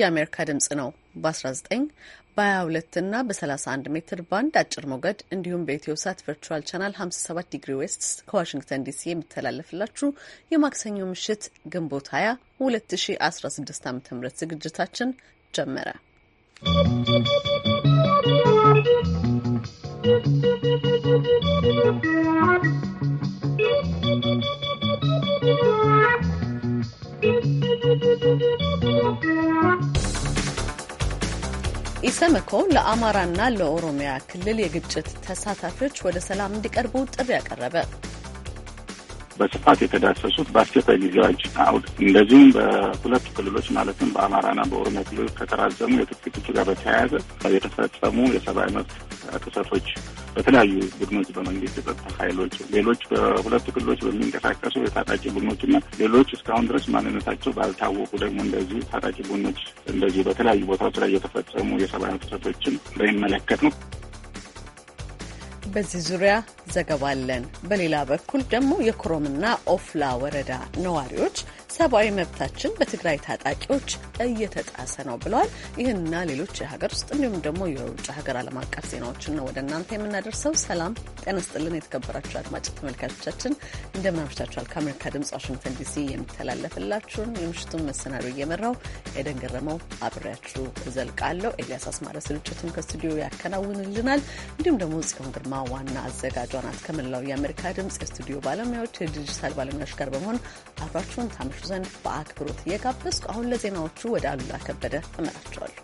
የአሜሪካ ድምጽ ነው። በ19 በ22 እና በ31 ሜትር ባንድ አጭር ሞገድ እንዲሁም በኢትዮ ሳት ቨርቹዋል ቻናል 57 ዲግሪ ዌስት ከዋሽንግተን ዲሲ የሚተላለፍላችሁ የማክሰኞ ምሽት ግንቦት 20 2016 ዓ ም ዝግጅታችን ጀመረ። ¶¶ ኢሰመኮ ለአማራና ለኦሮሚያ ክልል የግጭት ተሳታፊዎች ወደ ሰላም እንዲቀርቡ ጥሪ ያቀረበ በስፋት የተዳሰሱት በአስቸኳይ ጊዜ አዋጅ አውድ እንደዚሁም በሁለቱ ክልሎች ማለትም በአማራና በኦሮሚያ ክልሎች ከተራዘሙ የትጥቅ ጋር በተያያዘ የተፈጸሙ የሰብአዊ መብት ጥሰቶች በተለያዩ ቡድኖች በመንግስት የጸጥታ ኃይሎች፣ ሌሎች በሁለቱ ክልሎች በሚንቀሳቀሱ የታጣቂ ቡድኖችና ሌሎች እስካሁን ድረስ ማንነታቸው ባልታወቁ ደግሞ እንደዚሁ ታጣቂ ቡድኖች እንደዚሁ በተለያዩ ቦታዎች ላይ የተፈጸሙ የሰብአዊ ጥሰቶችን በሚመለከት ነው። በዚህ ዙሪያ ዘገባ አለን። በሌላ በኩል ደግሞ የኮረምና ኦፍላ ወረዳ ነዋሪዎች ሰብአዊ መብታችን በትግራይ ታጣቂዎች እየተጣሰ ነው ብለዋል። ይህንና ሌሎች የሀገር ውስጥ እንዲሁም ደግሞ የውጭ ሀገር ዓለም አቀፍ ዜናዎችን ነው ወደ እናንተ የምናደርሰው። ሰላም ጤና ስጥልን። የተከበራችሁ አድማጭ ተመልካቾቻችን እንደምን አምሽታችኋል? ከአሜሪካ ድምጽ ዋሽንግተን ዲሲ የሚተላለፍላችሁን የምሽቱን መሰናዶ እየመራው ኤደን ገረመው አብሬያችሁ እዘልቃለሁ። ኤልያስ አስማረ ስርጭቱን ከስቱዲዮ ያከናውንልናል። እንዲሁም ደግሞ ጽዮን ግርማ ዋና አዘጋጇ ናት። ከመላው የአሜሪካ ድምጽ የስቱዲዮ ባለሙያዎች፣ የዲጂታል ባለሙያዎች ጋር በመሆን አብራችሁን ታምሹ ታደምጡ ዘንድ በአክብሮት እየጋበዝኩ አሁን ለዜናዎቹ ወደ አሉላ ከበደ እመራቸዋለሁ።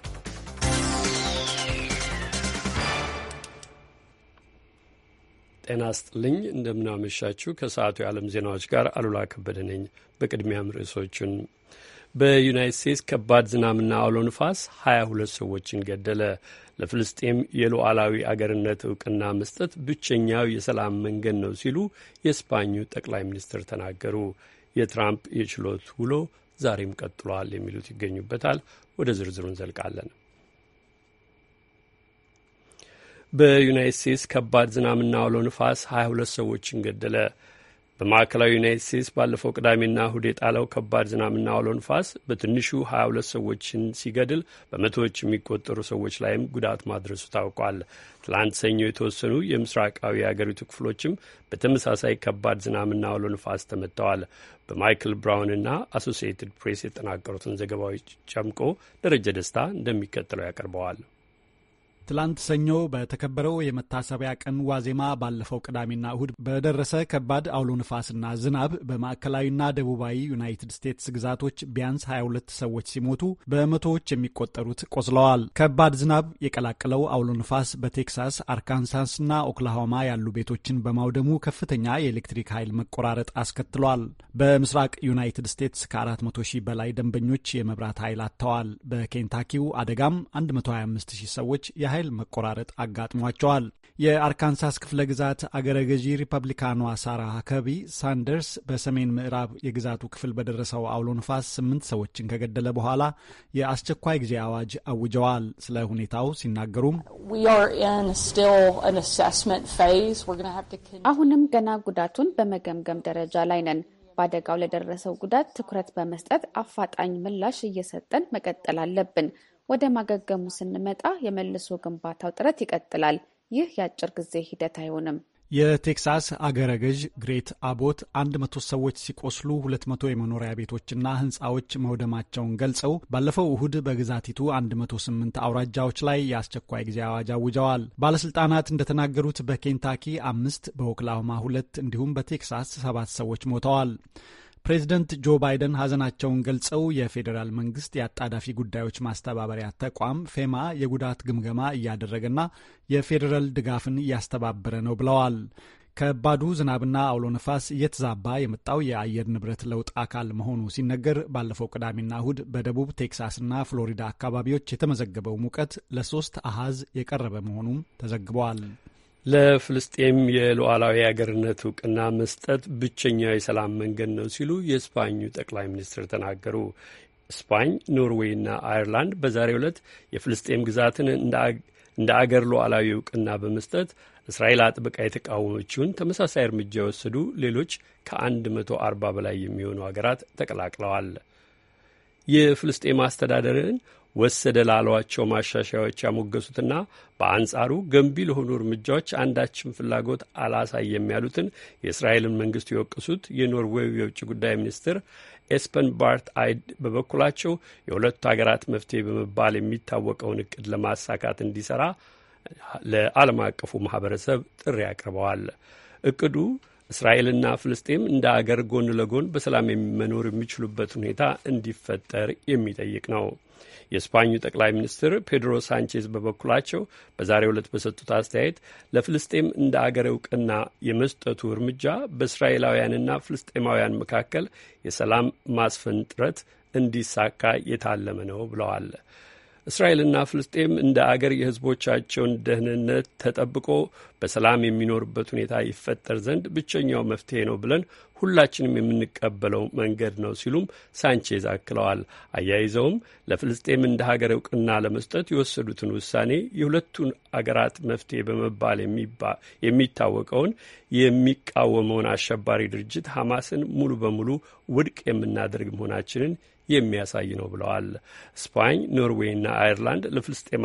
ጤና ስጥልኝ፣ እንደምናመሻችሁ። ከሰዓቱ የዓለም ዜናዎች ጋር አሉላ ከበደ ነኝ። በቅድሚያም ርዕሶቹን በዩናይት ስቴትስ ከባድ ዝናብና አውሎ ንፋስ ሀያ ሁለት ሰዎችን ገደለ። ለፍልስጤም የሉዓላዊ አገርነት እውቅና መስጠት ብቸኛው የሰላም መንገድ ነው ሲሉ የስፓኙ ጠቅላይ ሚኒስትር ተናገሩ። የትራምፕ የችሎት ውሎ ዛሬም ቀጥሏል የሚሉት ይገኙበታል። ወደ ዝርዝሩ እንዘልቃለን። በዩናይት ስቴትስ ከባድ ዝናብና አውሎ ንፋስ 22 ሰዎችን ገደለ። በማዕከላዊ ዩናይት ስቴትስ ባለፈው ቅዳሜና እሁድ የጣለው ከባድ ዝናብና አውሎ ንፋስ በትንሹ 22 ሰዎችን ሲገድል በመቶዎች የሚቆጠሩ ሰዎች ላይም ጉዳት ማድረሱ ታውቋል። ትላንት ሰኞ የተወሰኑ የምስራቃዊ የአገሪቱ ክፍሎችም በተመሳሳይ ከባድ ዝናብና አውሎ ንፋስ ተመትተዋል። በማይክል ብራውንና አሶሲኤትድ ፕሬስ የተጠናቀሩትን ዘገባዎች ጨምቆ ደረጀ ደስታ እንደሚከተለው ያቀርበዋል። ትላንት ሰኞ በተከበረው የመታሰቢያ ቀን ዋዜማ ባለፈው ቅዳሜና እሁድ በደረሰ ከባድ አውሎ ንፋስና ዝናብ በማዕከላዊና ደቡባዊ ዩናይትድ ስቴትስ ግዛቶች ቢያንስ 22 ሰዎች ሲሞቱ በመቶዎች የሚቆጠሩት ቆስለዋል። ከባድ ዝናብ የቀላቀለው አውሎ ንፋስ በቴክሳስ፣ አርካንሳስ እና ኦክላሆማ ያሉ ቤቶችን በማውደሙ ከፍተኛ የኤሌክትሪክ ኃይል መቆራረጥ አስከትሏል። በምስራቅ ዩናይትድ ስቴትስ ከ400 ሺህ በላይ ደንበኞች የመብራት ኃይል አጥተዋል። በኬንታኪው አደጋም 125 ሺህ ሰዎች የኃይል መቆራረጥ አጋጥሟቸዋል። የአርካንሳስ ክፍለ ግዛት አገረ ገዢ ሪፐብሊካኗ ሳራ ሀከቢ ሳንደርስ በሰሜን ምዕራብ የግዛቱ ክፍል በደረሰው አውሎ ንፋስ ስምንት ሰዎችን ከገደለ በኋላ የአስቸኳይ ጊዜ አዋጅ አውጀዋል። ስለ ሁኔታው ሲናገሩም አሁንም ገና ጉዳቱን በመገምገም ደረጃ ላይ ነን። በአደጋው ለደረሰው ጉዳት ትኩረት በመስጠት አፋጣኝ ምላሽ እየሰጠን መቀጠል አለብን። ወደ ማገገሙ ስንመጣ የመልሶ ግንባታው ጥረት ይቀጥላል። ይህ የአጭር ጊዜ ሂደት አይሆንም። የቴክሳስ አገረ ገዥ ግሬት አቦት 100 ሰዎች ሲቆስሉ 200 የመኖሪያ ቤቶችና ሕንፃዎች መውደማቸውን ገልጸው ባለፈው እሁድ በግዛቲቱ 108 አውራጃዎች ላይ የአስቸኳይ ጊዜ አዋጅ አውጀዋል። ባለስልጣናት እንደተናገሩት በኬንታኪ አምስት በኦክላሆማ ሁለት እንዲሁም በቴክሳስ ሰባት ሰዎች ሞተዋል። ፕሬዝደንት ጆ ባይደን ሐዘናቸውን ገልጸው የፌዴራል መንግስት የአጣዳፊ ጉዳዮች ማስተባበሪያ ተቋም ፌማ የጉዳት ግምገማ እያደረገና የፌዴራል ድጋፍን እያስተባበረ ነው ብለዋል። ከባዱ ዝናብና አውሎ ነፋስ እየተዛባ የመጣው የአየር ንብረት ለውጥ አካል መሆኑ ሲነገር ባለፈው ቅዳሜና እሁድ በደቡብ ቴክሳስና ፍሎሪዳ አካባቢዎች የተመዘገበው ሙቀት ለሶስት አሃዝ የቀረበ መሆኑም ተዘግበዋል። ለፍልስጤም የሉዓላዊ አገርነት እውቅና መስጠት ብቸኛው የሰላም መንገድ ነው ሲሉ የስፓኙ ጠቅላይ ሚኒስትር ተናገሩ። ስፓኝ፣ ኖርዌይና አይርላንድ በዛሬው ዕለት የፍልስጤም ግዛትን እንደ አገር ሉዓላዊ እውቅና በመስጠት እስራኤል አጥብቃ የተቃወመችውን ተመሳሳይ እርምጃ የወሰዱ ሌሎች ከ140 በላይ የሚሆኑ አገራት ተቀላቅለዋል። የፍልስጤም አስተዳደርን ወሰደ ላሏቸው ማሻሻያዎች ያሞገሱትና በአንጻሩ ገንቢ ለሆኑ እርምጃዎች አንዳችም ፍላጎት አላሳየም ያሉትን የእስራኤልን መንግስት የወቀሱት የኖርዌይ የውጭ ጉዳይ ሚኒስትር ኤስፐን ባርት አይድ በበኩላቸው የሁለቱ ሀገራት መፍትሄ በመባል የሚታወቀውን እቅድ ለማሳካት እንዲሰራ ለዓለም አቀፉ ማህበረሰብ ጥሪ አቅርበዋል። እቅዱ እስራኤልና ፍልስጤም እንደ አገር ጎን ለጎን በሰላም መኖር የሚችሉበት ሁኔታ እንዲፈጠር የሚጠይቅ ነው። የስፓኙ ጠቅላይ ሚኒስትር ፔድሮ ሳንቼዝ በበኩላቸው በዛሬው ዕለት በሰጡት አስተያየት ለፍልስጤም እንደ አገር እውቅና የመስጠቱ እርምጃ በእስራኤላውያንና ፍልስጤማውያን መካከል የሰላም ማስፈን ጥረት እንዲሳካ የታለመ ነው ብለዋል። እስራኤልና ፍልስጤም እንደ አገር የህዝቦቻቸውን ደህንነት ተጠብቆ በሰላም የሚኖርበት ሁኔታ ይፈጠር ዘንድ ብቸኛው መፍትሄ ነው ብለን ሁላችንም የምንቀበለው መንገድ ነው ሲሉም ሳንቼዝ አክለዋል። አያይዘውም ለፍልስጤም እንደ ሀገር እውቅና ለመስጠት የወሰዱትን ውሳኔ የሁለቱን አገራት መፍትሄ በመባል የሚታወቀውን የሚቃወመውን አሸባሪ ድርጅት ሐማስን ሙሉ በሙሉ ውድቅ የምናደርግ መሆናችንን የሚያሳይ ነው ብለዋል። ስፓኝ፣ ኖርዌይና አይርላንድ ለፍልስጤም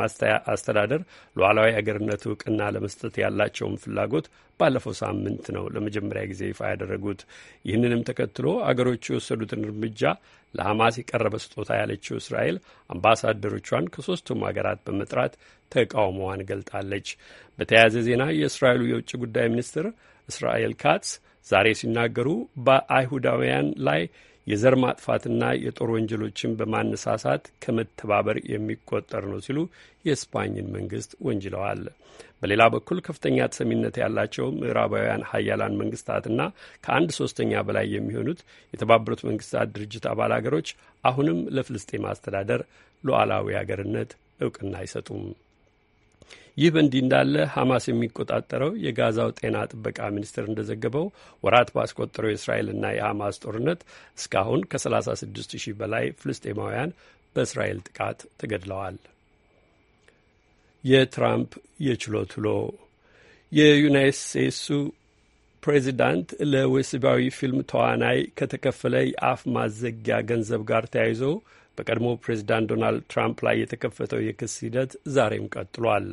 አስተዳደር ሉዓላዊ አገርነቱ እውቅና ለመስጠት ያላቸውን ፍላጎት ባለፈው ሳምንት ነው ለመጀመሪያ ጊዜ ይፋ ያደረጉት። ይህንንም ተከትሎ አገሮቹ የወሰዱትን እርምጃ ለሐማስ የቀረበ ስጦታ ያለችው እስራኤል አምባሳደሮቿን ከሦስቱም አገራት በመጥራት ተቃውሞዋን ገልጣለች። በተያያዘ ዜና የእስራኤሉ የውጭ ጉዳይ ሚኒስትር እስራኤል ካትስ ዛሬ ሲናገሩ በአይሁዳውያን ላይ የዘር ማጥፋትና የጦር ወንጀሎችን በማነሳሳት ከመተባበር የሚቆጠር ነው ሲሉ የስፓኝን መንግስት ወንጅለዋል። በሌላ በኩል ከፍተኛ ተሰሚነት ያላቸው ምዕራባውያን ሀያላን መንግስታትና ከአንድ ሶስተኛ በላይ የሚሆኑት የተባበሩት መንግስታት ድርጅት አባል አገሮች አሁንም ለፍልስጤም አስተዳደር ሉዓላዊ አገርነት እውቅና አይሰጡም። ይህ በእንዲህ እንዳለ ሐማስ የሚቆጣጠረው የጋዛው ጤና ጥበቃ ሚኒስቴር እንደዘገበው ወራት ባስቆጠረው የእስራኤልና የሐማስ ጦርነት እስካሁን ከ36 ሺህ በላይ ፍልስጤማውያን በእስራኤል ጥቃት ተገድለዋል። የትራምፕ የችሎት ውሎ የዩናይት ስቴትሱ ፕሬዚዳንት ለወሲባዊ ፊልም ተዋናይ ከተከፈለ የአፍ ማዘጊያ ገንዘብ ጋር ተያይዞ በቀድሞ ፕሬዚዳንት ዶናልድ ትራምፕ ላይ የተከፈተው የክስ ሂደት ዛሬም ቀጥሏል።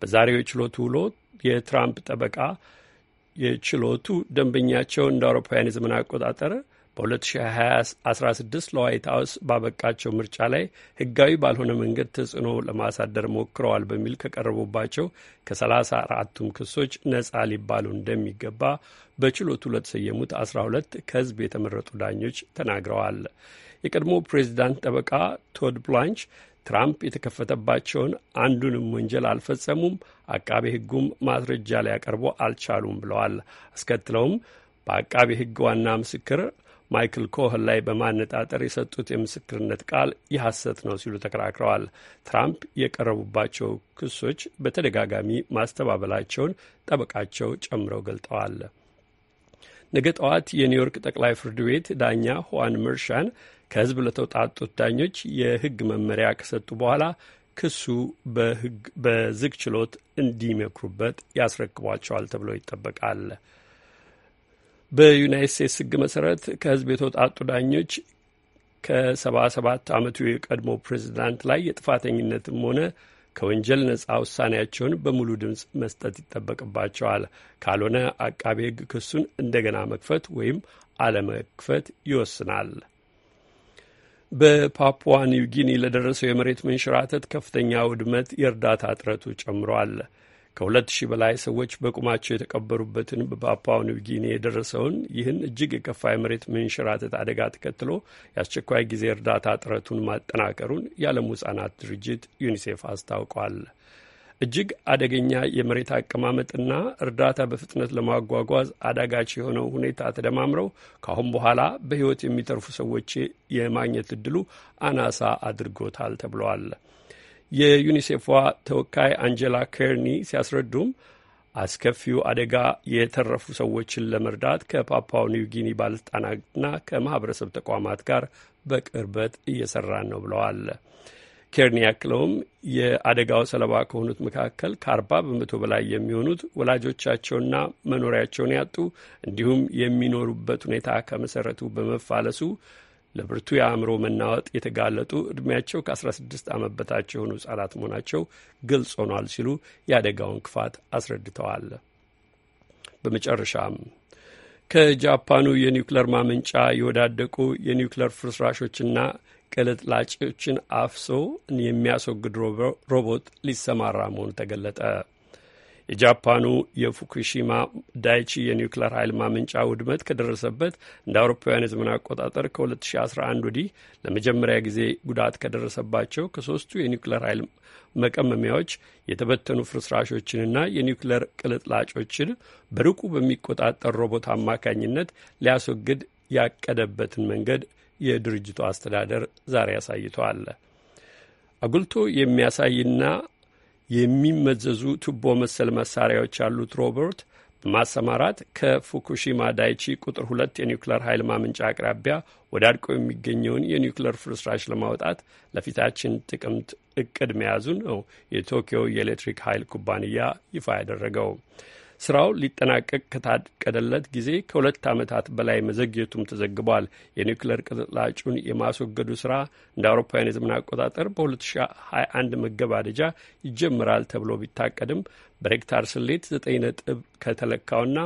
በዛሬው የችሎቱ ውሎ የትራምፕ ጠበቃ የችሎቱ ደንበኛቸው እንደ አውሮፓውያን የዘመን አቆጣጠር በ2016 ለዋይት ሀውስ ባበቃቸው ምርጫ ላይ ህጋዊ ባልሆነ መንገድ ተጽዕኖ ለማሳደር ሞክረዋል በሚል ከቀረቡባቸው ከ34ቱም ክሶች ነጻ ሊባሉ እንደሚገባ በችሎቱ ለተሰየሙት 12 ከህዝብ የተመረጡ ዳኞች ተናግረዋል። የቀድሞ ፕሬዚዳንት ጠበቃ ቶድ ብላንች ትራምፕ የተከፈተባቸውን አንዱንም ወንጀል አልፈጸሙም፣ አቃቤ ሕጉም ማስረጃ ሊያቀርቡ አልቻሉም ብለዋል። አስከትለውም በአቃቤ ሕግ ዋና ምስክር ማይክል ኮህን ላይ በማነጣጠር የሰጡት የምስክርነት ቃል የሐሰት ነው ሲሉ ተከራክረዋል። ትራምፕ የቀረቡባቸው ክሶች በተደጋጋሚ ማስተባበላቸውን ጠበቃቸው ጨምረው ገልጠዋል። ነገ ጠዋት የኒውዮርክ ጠቅላይ ፍርድ ቤት ዳኛ ሁዋን መርሻን። ከህዝብ ለተውጣጡት ዳኞች የህግ መመሪያ ከሰጡ በኋላ ክሱ በዝግ ችሎት እንዲመክሩበት ያስረክቧቸዋል ተብሎ ይጠበቃል። በዩናይት ስቴትስ ህግ መሰረት ከህዝብ የተውጣጡ ዳኞች ከሰባ ሰባት ዓመቱ የቀድሞ ፕሬዚዳንት ላይ የጥፋተኝነትም ሆነ ከወንጀል ነጻ ውሳኔያቸውን በሙሉ ድምፅ መስጠት ይጠበቅባቸዋል። ካልሆነ አቃቤ ህግ ክሱን እንደገና መክፈት ወይም አለመክፈት ይወስናል። በፓፑዋ ኒው ጊኒ ለደረሰው የመሬት መንሸራተት ከፍተኛ ውድመት የእርዳታ ጥረቱ ጨምሯል። ከሁለት ሺህ በላይ ሰዎች በቁማቸው የተቀበሩበትን በፓፑዋ ኒው ጊኒ የደረሰውን ይህን እጅግ የከፋ የመሬት መንሸራተት አደጋ ተከትሎ የአስቸኳይ ጊዜ እርዳታ ጥረቱን ማጠናከሩን የዓለሙ ሕጻናት ድርጅት ዩኒሴፍ አስታውቋል። እጅግ አደገኛ የመሬት አቀማመጥና እርዳታ በፍጥነት ለማጓጓዝ አዳጋች የሆነው ሁኔታ ተደማምረው ካሁን በኋላ በሕይወት የሚተርፉ ሰዎች የማግኘት እድሉ አናሳ አድርጎታል ተብለዋል። የዩኒሴፏ ተወካይ አንጀላ ከርኒ ሲያስረዱም አስከፊው አደጋ የተረፉ ሰዎችን ለመርዳት ከፓፓው ኒው ጊኒ ባለስልጣናትና ከማህበረሰብ ተቋማት ጋር በቅርበት እየሰራን ነው ብለዋል። ኬርኒ ያክለውም የአደጋው ሰለባ ከሆኑት መካከል ከአርባ በመቶ በላይ የሚሆኑት ወላጆቻቸውና መኖሪያቸውን ያጡ እንዲሁም የሚኖሩበት ሁኔታ ከመሰረቱ በመፋለሱ ለብርቱ የአእምሮ መናወጥ የተጋለጡ ዕድሜያቸው ከ16 ዓመት በታች የሆኑ ህጻናት መሆናቸው ግልጽ ሆኗል ሲሉ የአደጋውን ክፋት አስረድተዋል። በመጨረሻም ከጃፓኑ የኒውክለር ማመንጫ የወዳደቁ የኒውክለር ፍርስራሾችና ቅልጥላጮችን አፍሶ የሚያስወግድ ሮቦት ሊሰማራ መሆኑ ተገለጠ። የጃፓኑ የፉኩሺማ ዳይቺ የኒውክሌር ኃይል ማመንጫ ውድመት ከደረሰበት እንደ አውሮፓውያን የዘመን አቆጣጠር ከ2011 ወዲህ ለመጀመሪያ ጊዜ ጉዳት ከደረሰባቸው ከሶስቱ የኒውክሌር ኃይል መቀመሚያዎች የተበተኑ ፍርስራሾችንና የኒውክሌር ቅልጥላጮችን በርቁ በሚቆጣጠር ሮቦት አማካኝነት ሊያስወግድ ያቀደበትን መንገድ የድርጅቱ አስተዳደር ዛሬ አሳይተዋል። አጉልቶ የሚያሳይና የሚመዘዙ ቱቦ መሰል መሳሪያዎች ያሉት ሮበርት በማሰማራት ከፉኩሺማ ዳይቺ ቁጥር ሁለት የኒውክሌር ኃይል ማመንጫ አቅራቢያ ወደ አድቆ የሚገኘውን የኒውክሌር ፍርስራሽ ለማውጣት ለፊታችን ጥቅምት እቅድ መያዙ ነው የቶኪዮ የኤሌክትሪክ ኃይል ኩባንያ ይፋ ያደረገው። ስራው ሊጠናቀቅ ከታቀደለት ጊዜ ከሁለት ዓመታት በላይ መዘግየቱም ተዘግቧል። የኒውክሌር ቅልጥላጩን የማስወገዱ ስራ እንደ አውሮፓውያን የዘመን አቆጣጠር በ2021 መገባደጃ ይጀምራል ተብሎ ቢታቀድም በሬክታር ስሌት 9 ነጥብ ከተለካውና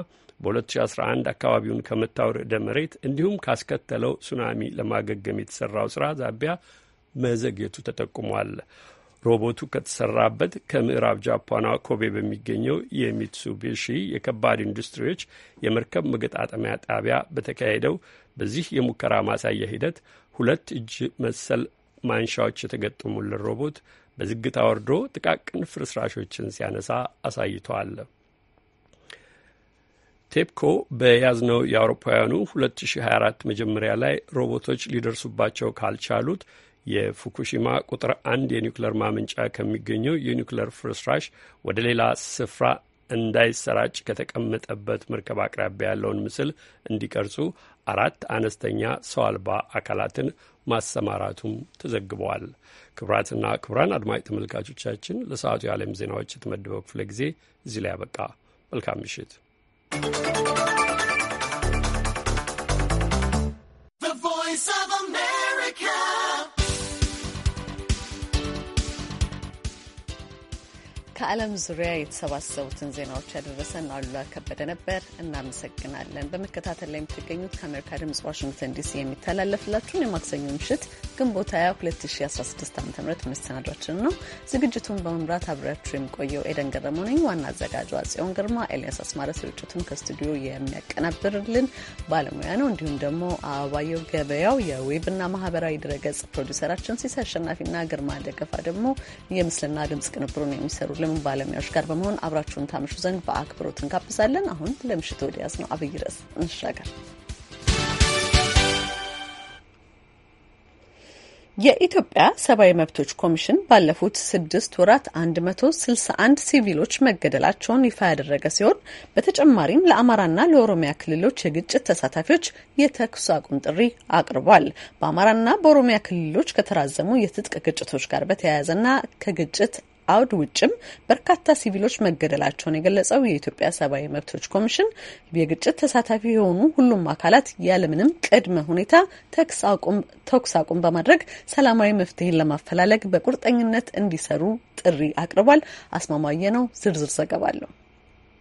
በ2011 አካባቢውን ከመታው ርዕደ መሬት እንዲሁም ካስከተለው ሱናሚ ለማገገም የተሰራው ስራ ዛቢያ መዘግየቱ ተጠቁሟል። ሮቦቱ ከተሰራበት ከምዕራብ ጃፓኗ ኮቤ በሚገኘው የሚትሱቢሺ የከባድ ኢንዱስትሪዎች የመርከብ መገጣጠሚያ ጣቢያ በተካሄደው በዚህ የሙከራ ማሳያ ሂደት ሁለት እጅ መሰል ማንሻዎች የተገጠሙልን ሮቦት በዝግታ ወርዶ ጥቃቅን ፍርስራሾችን ሲያነሳ አሳይተዋል። ቴፕኮ በያዝነው የአውሮፓውያኑ 2024 መጀመሪያ ላይ ሮቦቶች ሊደርሱባቸው ካልቻሉት የፉኩሺማ ቁጥር አንድ የኒውክለር ማመንጫ ከሚገኘው የኒውክለር ፍርስራሽ ወደ ሌላ ስፍራ እንዳይሰራጭ ከተቀመጠበት መርከብ አቅራቢያ ያለውን ምስል እንዲቀርጹ አራት አነስተኛ ሰው አልባ አካላትን ማሰማራቱም ተዘግበዋል። ክቡራትና ክቡራን አድማጭ ተመልካቾቻችን ለሰዓቱ የዓለም ዜናዎች የተመደበው ክፍለ ጊዜ እዚህ ላይ ያበቃ። መልካም ምሽት። ከዓለም ዙሪያ የተሰባሰቡትን ዜናዎች ያደረሰን አሉላ ከበደ ነበር። እናመሰግናለን። በመከታተል ላይ የምትገኙት ከአሜሪካ ድምጽ ዋሽንግተን ዲሲ የሚተላለፍላችሁን የማክሰኞ ምሽት ግንቦት 20 2016 ዓ ም መሰናዷችን ነው። ዝግጅቱን በመምራት አብሬያችሁ የሚቆየው ኤደን ገረመው ነኝ። ዋና አዘጋጇ ጽዮን ግርማ፣ ኤልያስ አስማረ ስርጭቱን ከስቱዲዮ የሚያቀናብርልን ባለሙያ ነው። እንዲሁም ደግሞ አበባየው ገበያው የዌብና ማህበራዊ ድረገጽ ፕሮዲሰራችን ሲሳ አሸናፊና ግርማ ደገፋ ደግሞ የምስልና ድምጽ ቅንብሩን የሚሰሩልን ከዓለሙን ባለሙያዎች ጋር በመሆን አብራችሁን ታምሹ ዘንድ በአክብሮት እንጋብዛለን። አሁን ለምሽቱ ወደ ነው አብይ ርዕስ እንሻገር። የኢትዮጵያ ሰብአዊ መብቶች ኮሚሽን ባለፉት ስድስት ወራት 161 ሲቪሎች መገደላቸውን ይፋ ያደረገ ሲሆን በተጨማሪም ለአማራና ለኦሮሚያ ክልሎች የግጭት ተሳታፊዎች የተኩስ አቁም ጥሪ አቅርቧል። በአማራና በኦሮሚያ ክልሎች ከተራዘሙ የትጥቅ ግጭቶች ጋር በተያያዘና ከግጭት አውድ ውጭም በርካታ ሲቪሎች መገደላቸውን የገለጸው የኢትዮጵያ ሰብአዊ መብቶች ኮሚሽን የግጭት ተሳታፊ የሆኑ ሁሉም አካላት ያለምንም ቅድመ ሁኔታ ተኩስ አቁም በማድረግ ሰላማዊ መፍትሄን ለማፈላለግ በቁርጠኝነት እንዲሰሩ ጥሪ አቅርቧል። አስማማየ ነው ዝርዝር ዘገባ አለው።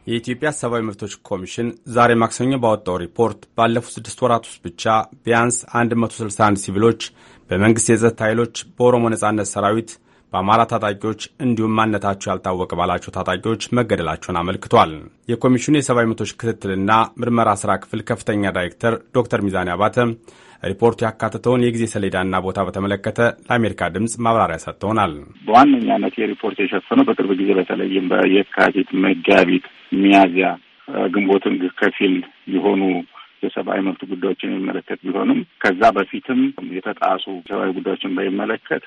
የኢትዮጵያ ሰብአዊ መብቶች ኮሚሽን ዛሬ ማክሰኞ ባወጣው ሪፖርት ባለፉት ስድስት ወራት ውስጥ ብቻ ቢያንስ 161 ሲቪሎች በመንግሥት የጸጥታ ኃይሎች፣ በኦሮሞ ነጻነት ሰራዊት በአማራ ታጣቂዎች እንዲሁም ማንነታቸው ያልታወቀ ባላቸው ታጣቂዎች መገደላቸውን አመልክቷል። የኮሚሽኑ የሰብአዊ መብቶች ክትትልና ምርመራ ስራ ክፍል ከፍተኛ ዳይሬክተር ዶክተር ሚዛኔ አባተ ሪፖርቱ ያካተተውን የጊዜ ሰሌዳና ቦታ በተመለከተ ለአሜሪካ ድምፅ ማብራሪያ ሰጥተውናል። በዋነኛነት የሪፖርት የሸፈነው በቅርብ ጊዜ በተለይም በየካቲት፣ መጋቢት፣ ሚያዝያ፣ ግንቦትን ከፊል የሆኑ የሰብአዊ መብት ጉዳዮችን የሚመለከት ቢሆንም ከዛ በፊትም የተጣሱ ሰብአዊ ጉዳዮችን በሚመለከት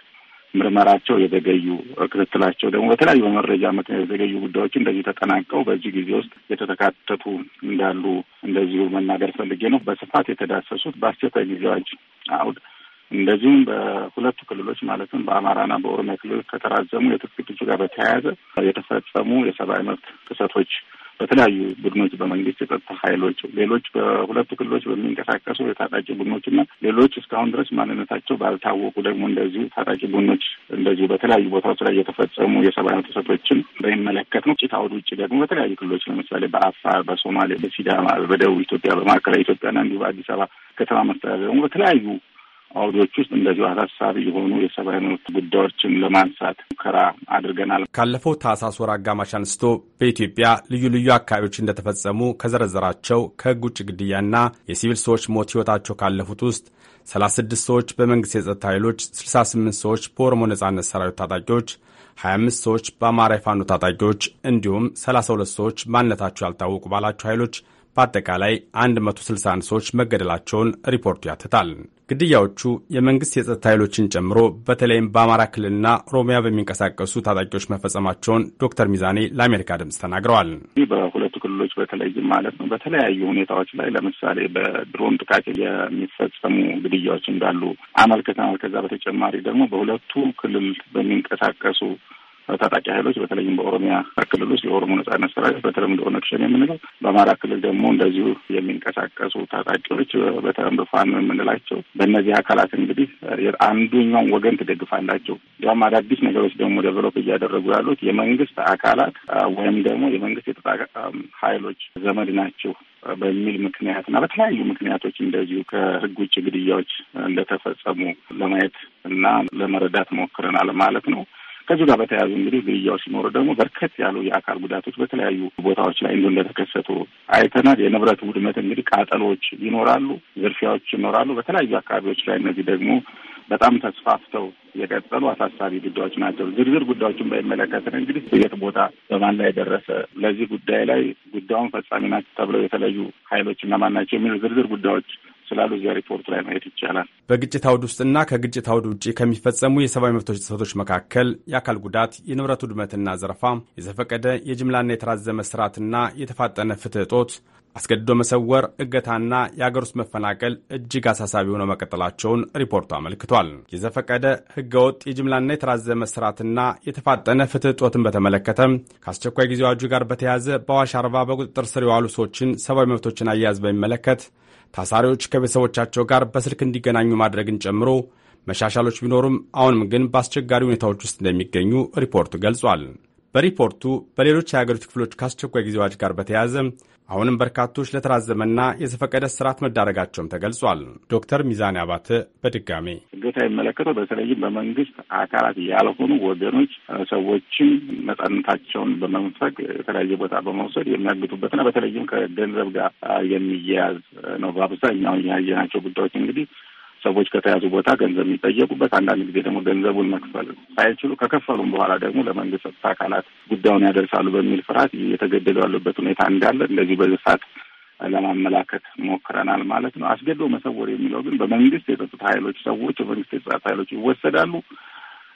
ምርመራቸው የዘገዩ ክትትላቸው ደግሞ በተለያዩ በመረጃ ምክንያት የዘገዩ ጉዳዮች እንደዚህ ተጠናቀው በዚህ ጊዜ ውስጥ የተተካተቱ እንዳሉ እንደዚሁ መናገር ፈልጌ ነው። በስፋት የተዳሰሱት በአስቸኳይ ጊዜ አዋጅ አውድ እንደዚሁም በሁለቱ ክልሎች ማለትም በአማራና በኦሮሚያ ክልሎች ከተራዘሙ የትጥቅ ግጭቶች ጋር በተያያዘ የተፈጸሙ የሰብአዊ መብት ጥሰቶች በተለያዩ ቡድኖች በመንግስት የጸጥታ ኃይሎች፣ ሌሎች በሁለቱ ክልሎች በሚንቀሳቀሱ የታጣቂ ቡድኖች እና ሌሎች እስካሁን ድረስ ማንነታቸው ባልታወቁ ደግሞ እንደዚሁ ታጣቂ ቡድኖች እንደዚሁ በተለያዩ ቦታዎች ላይ የተፈጸሙ የሰብአዊ ጥሰቶችን በሚመለከት ነው። ጭታውድ ውጭ ደግሞ በተለያዩ ክልሎች ለምሳሌ በአፋር፣ በሶማሌ፣ በሲዳማ፣ በደቡብ ኢትዮጵያ፣ በማዕከላዊ ኢትዮጵያና እንዲሁ በአዲስ አበባ ከተማ መስተዳደር ደግሞ በተለያዩ አውዶች ውስጥ እንደዚሁ አሳሳቢ የሆኑ የሰብአዊ መብት ጉዳዮችን ለማንሳት ሙከራ አድርገናል። ካለፈው ታህሳስ ወር አጋማሽ አንስቶ በኢትዮጵያ ልዩ ልዩ አካባቢዎች እንደተፈጸሙ ከዘረዘራቸው ከህግ ውጭ ግድያና የሲቪል ሰዎች ሞት ህይወታቸው ካለፉት ውስጥ 36 ሰዎች በመንግሥት የጸጥታ ኃይሎች፣ 68 ሰዎች በኦሮሞ ነጻነት ሰራዊት ታጣቂዎች 25 ሰዎች በአማራ የፋኖ ታጣቂዎች እንዲሁም 32 ሰዎች ማንነታቸው ያልታወቁ ባላቸው ኃይሎች በአጠቃላይ 161 ሰዎች መገደላቸውን ሪፖርቱ ያትታል። ግድያዎቹ የመንግሥት የጸጥታ ኃይሎችን ጨምሮ በተለይም በአማራ ክልልና ኦሮሚያ በሚንቀሳቀሱ ታጣቂዎች መፈጸማቸውን ዶክተር ሚዛኔ ለአሜሪካ ድምፅ ተናግረዋል። በሁለቱ ክልሎች በተለይም ማለት ነው በተለያዩ ሁኔታዎች ላይ ለምሳሌ በድሮን ጥቃት የሚፈጸሙ ግድያዎች እንዳሉ አመልክተናል። ከዛ በተጨማሪ ደግሞ በሁለቱ ክልል በሚንቀሳቀሱ ታጣቂ ኃይሎች በተለይም በኦሮሚያ ክልል ውስጥ የኦሮሞ ነጻነት ሰራዊት በተለምዶ ኦነግ ሸኔ የምንለው፣ በአማራ ክልል ደግሞ እንደዚሁ የሚንቀሳቀሱ ታጣቂዎች በተለምዶ ፋኖ የምንላቸው በእነዚህ አካላት እንግዲህ አንዱኛውን ወገን ትደግፋላቸው። ያም አዳዲስ ነገሮች ደግሞ ደቨሎፕ እያደረጉ ያሉት የመንግስት አካላት ወይም ደግሞ የመንግስት የታጣቂ ኃይሎች ዘመድ ናቸው በሚል ምክንያት እና በተለያዩ ምክንያቶች እንደዚሁ ከህግ ውጭ ግድያዎች እንደተፈጸሙ ለማየት እና ለመረዳት ሞክረናል ማለት ነው። ከዚህ ጋር በተያያዙ እንግዲህ ግድያዎች ሲኖሩ ደግሞ በርከት ያሉ የአካል ጉዳቶች በተለያዩ ቦታዎች ላይ እንዱ እንደተከሰቱ አይተናል። የንብረት ውድመት እንግዲህ ቃጠሎዎች ይኖራሉ፣ ዝርፊያዎች ይኖራሉ በተለያዩ አካባቢዎች ላይ እነዚህ ደግሞ በጣም ተስፋፍተው የቀጠሉ አሳሳቢ ጉዳዮች ናቸው። ዝርዝር ጉዳዮችን በሚመለከትን እንግዲህ የት ቦታ በማን ላይ ደረሰ፣ ለዚህ ጉዳይ ላይ ጉዳዩን ፈጻሚ ናቸው ተብለው የተለዩ ኃይሎች እነማን ናቸው የሚሉ ዝርዝር ጉዳዮች ስላሉ እዚያ ሪፖርት ላይ ማየት ይቻላል። በግጭት አውድ ውስጥና ከግጭት አውድ ውጭ ከሚፈጸሙ የሰብአዊ መብቶች ጥሰቶች መካከል የአካል ጉዳት፣ የንብረት ውድመትና ዘረፋ፣ የዘፈቀደ የጅምላና የተራዘመ ስርዓትና የተፋጠነ ፍትህ እጦት፣ አስገድዶ መሰወር፣ እገታና የአገር ውስጥ መፈናቀል እጅግ አሳሳቢ ሆነው መቀጠላቸውን ሪፖርቱ አመልክቷል። የዘፈቀደ ህገወጥ የጅምላና የተራዘመ ስርዓትና የተፋጠነ ፍትህ እጦትን በተመለከተ ከአስቸኳይ ጊዜ አዋጁ ጋር በተያያዘ በአዋሽ አርባ በቁጥጥር ስር የዋሉ ሰዎችን ሰብአዊ መብቶችን አያያዝ በሚመለከት ታሳሪዎች ከቤተሰቦቻቸው ጋር በስልክ እንዲገናኙ ማድረግን ጨምሮ መሻሻሎች ቢኖሩም አሁንም ግን በአስቸጋሪ ሁኔታዎች ውስጥ እንደሚገኙ ሪፖርቱ ገልጿል። በሪፖርቱ በሌሎች የሀገሪቱ ክፍሎች ከአስቸኳይ ጊዜ አዋጅ ጋር በተያያዘ አሁንም በርካቶች ለተራዘመና የዘፈቀደ ስርዓት መዳረጋቸውም ተገልጿል። ዶክተር ሚዛኔ አባተ በድጋሜ ሕገታ የመለከተው በተለይም በመንግስት አካላት ያልሆኑ ወገኖች ሰዎችን ነጻነታቸውን በመንፈግ የተለያየ ቦታ በመውሰድ የሚያግቱበትና በተለይም ከገንዘብ ጋር የሚያያዝ ነው። በአብዛኛው የያየናቸው ጉዳዮች እንግዲህ ሰዎች ከተያዙ ቦታ ገንዘብ የሚጠየቁበት አንዳንድ ጊዜ ደግሞ ገንዘቡን መክፈል ሳይችሉ ከከፈሉም በኋላ ደግሞ ለመንግስት ጸጥታ አካላት ጉዳዩን ያደርሳሉ በሚል ፍርሃት እየተገደሉ ያሉበት ሁኔታ እንዳለ እንደዚህ በዝሳት ለማመላከት ሞክረናል ማለት ነው። አስገድዶ መሰወር የሚለው ግን በመንግስት የጸጥታ ኃይሎች ሰዎች በመንግስት የጸጥታ ኃይሎች ይወሰዳሉ።